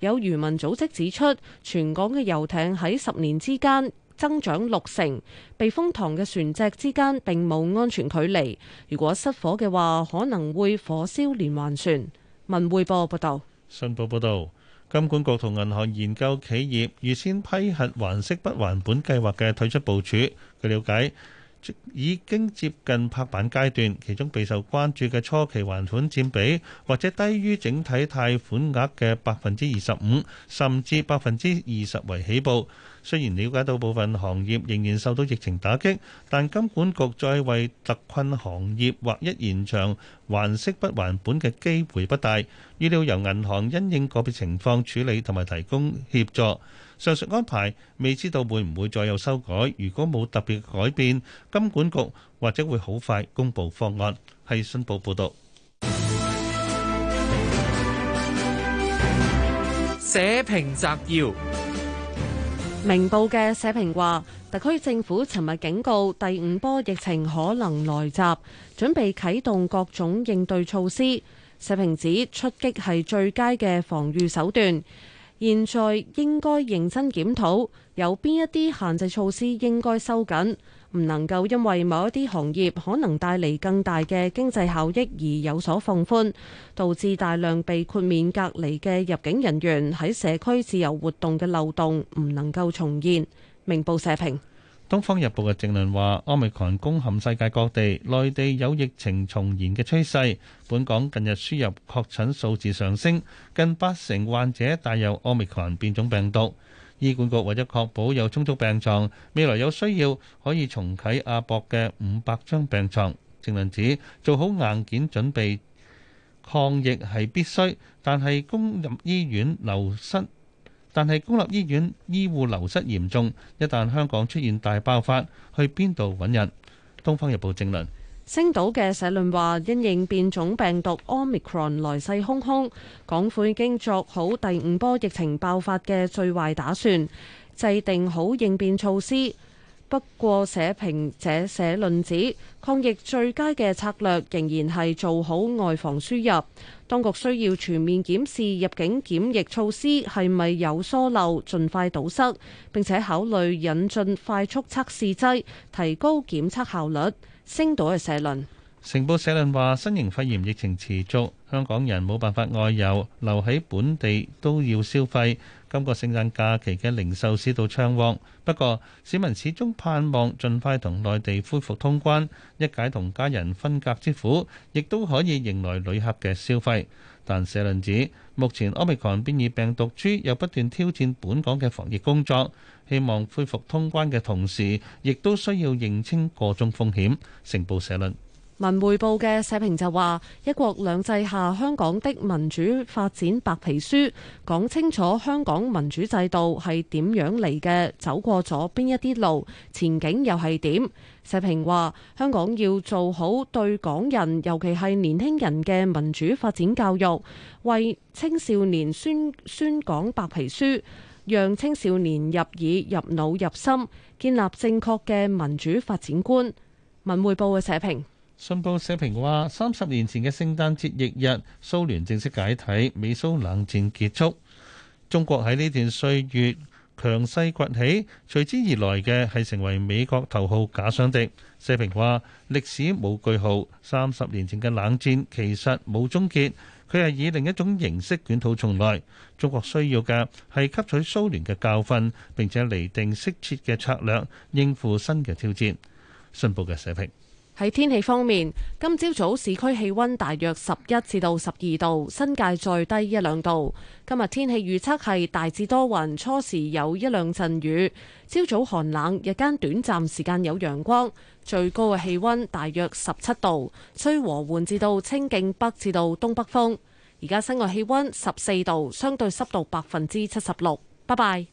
有漁民組織指出，全港嘅遊艇喺十年之間，增長六成，避風塘嘅船隻之間並冇安全距離。如果失火嘅話，可能會火燒連環船。文匯報報道，信報報道，金管局同銀行研究企業預先批核還息不還本計劃嘅退出部署。據了解，已經接近拍板階段。其中備受關注嘅初期還款佔，佔比，或者低於整體貸款額嘅百分之二十五，甚至百分之二十為起步。雖然瞭解到部分行業仍然受到疫情打擊，但金管局再為特困行業劃一延長還息不還本嘅機會不大。預料由銀行因應個別情況處理同埋提供協助。上述安排未知道會唔會再有修改。如果冇特別改變，金管局或者會好快公布方案。係信報報導。社評摘要。明報嘅社評話，特區政府尋日警告第五波疫情可能來襲，準備啟動各種應對措施。社評指，出擊係最佳嘅防禦手段，現在應該認真檢討有邊一啲限制措施應該收緊。唔能夠因為某一啲行業可能帶嚟更大嘅經濟效益而有所放寬，導致大量被豁免隔離嘅入境人員喺社區自由活動嘅漏洞唔能夠重現。明報社評，《東方日報》嘅正論話：奧密克戎攻陷世界各地，內地有疫情重現嘅趨勢，本港近日輸入確診數字上升，近八成患者帶有奧密克戎變種病毒。醫管局為咗確保有充足病床，未來有需要可以重啟亞博嘅五百張病床。正論指做好硬件準備抗疫係必須，但係公立醫院流失，但係公立醫院醫護流失嚴重，一旦香港出現大爆發，去邊度揾人？《東方日報》正論。星島嘅社論話，因應變種病毒 omicron 來勢洶洶，港府已經作好第五波疫情爆發嘅最壞打算，制定好應變措施。不過，社評者社論指，抗疫最佳嘅策略仍然係做好外防輸入，當局需要全面檢視入境檢疫措施係咪有疏漏，盡快堵塞，並且考慮引進快速測試劑，提高檢測效率。星島嘅社論，成報社論話：新型肺炎疫情持續，香港人冇辦法外遊，留喺本地都要消費。今個聖誕假期嘅零售市道暢旺，不過市民始終盼望盡快同內地恢復通關，一解同家人分隔之苦，亦都可以迎來旅客嘅消費。但社論指，目前奧密克戎變異病毒株又不斷挑戰本港嘅防疫工作，希望恢復通關嘅同時，亦都需要認清個中風險。成報社論。文匯報嘅社評就話，一國兩制下香港的民主發展白皮書講清楚香港民主制度係點樣嚟嘅，走過咗邊一啲路，前景又係點。社評話，香港要做好對港人，尤其係年輕人嘅民主發展教育，為青少年宣宣講白皮書，讓青少年入耳、入腦、入心，建立正確嘅民主發展觀。文匯報嘅社評。信報社評話：三十年前嘅聖誕節翌日，蘇聯正式解體，美蘇冷戰結束。中國喺呢段歲月強勢崛起，隨之而來嘅係成為美國頭號假想敵。社評話：歷史冇句號，三十年前嘅冷戰其實冇終結，佢係以另一種形式捲土重來。中國需要嘅係吸取蘇聯嘅教訓，並且厘定適切嘅策略應付新嘅挑戰。信報嘅社評。喺天氣方面，今朝早市區氣溫大約十一至到十二度，新界再低一兩度。今日天氣預測係大致多雲，初時有一兩陣雨，朝早寒冷，日間短暫時間有陽光，最高嘅氣溫大約十七度，吹和緩至到清勁北至到東北風。而家室外氣溫十四度，相對濕度百分之七十六。拜拜。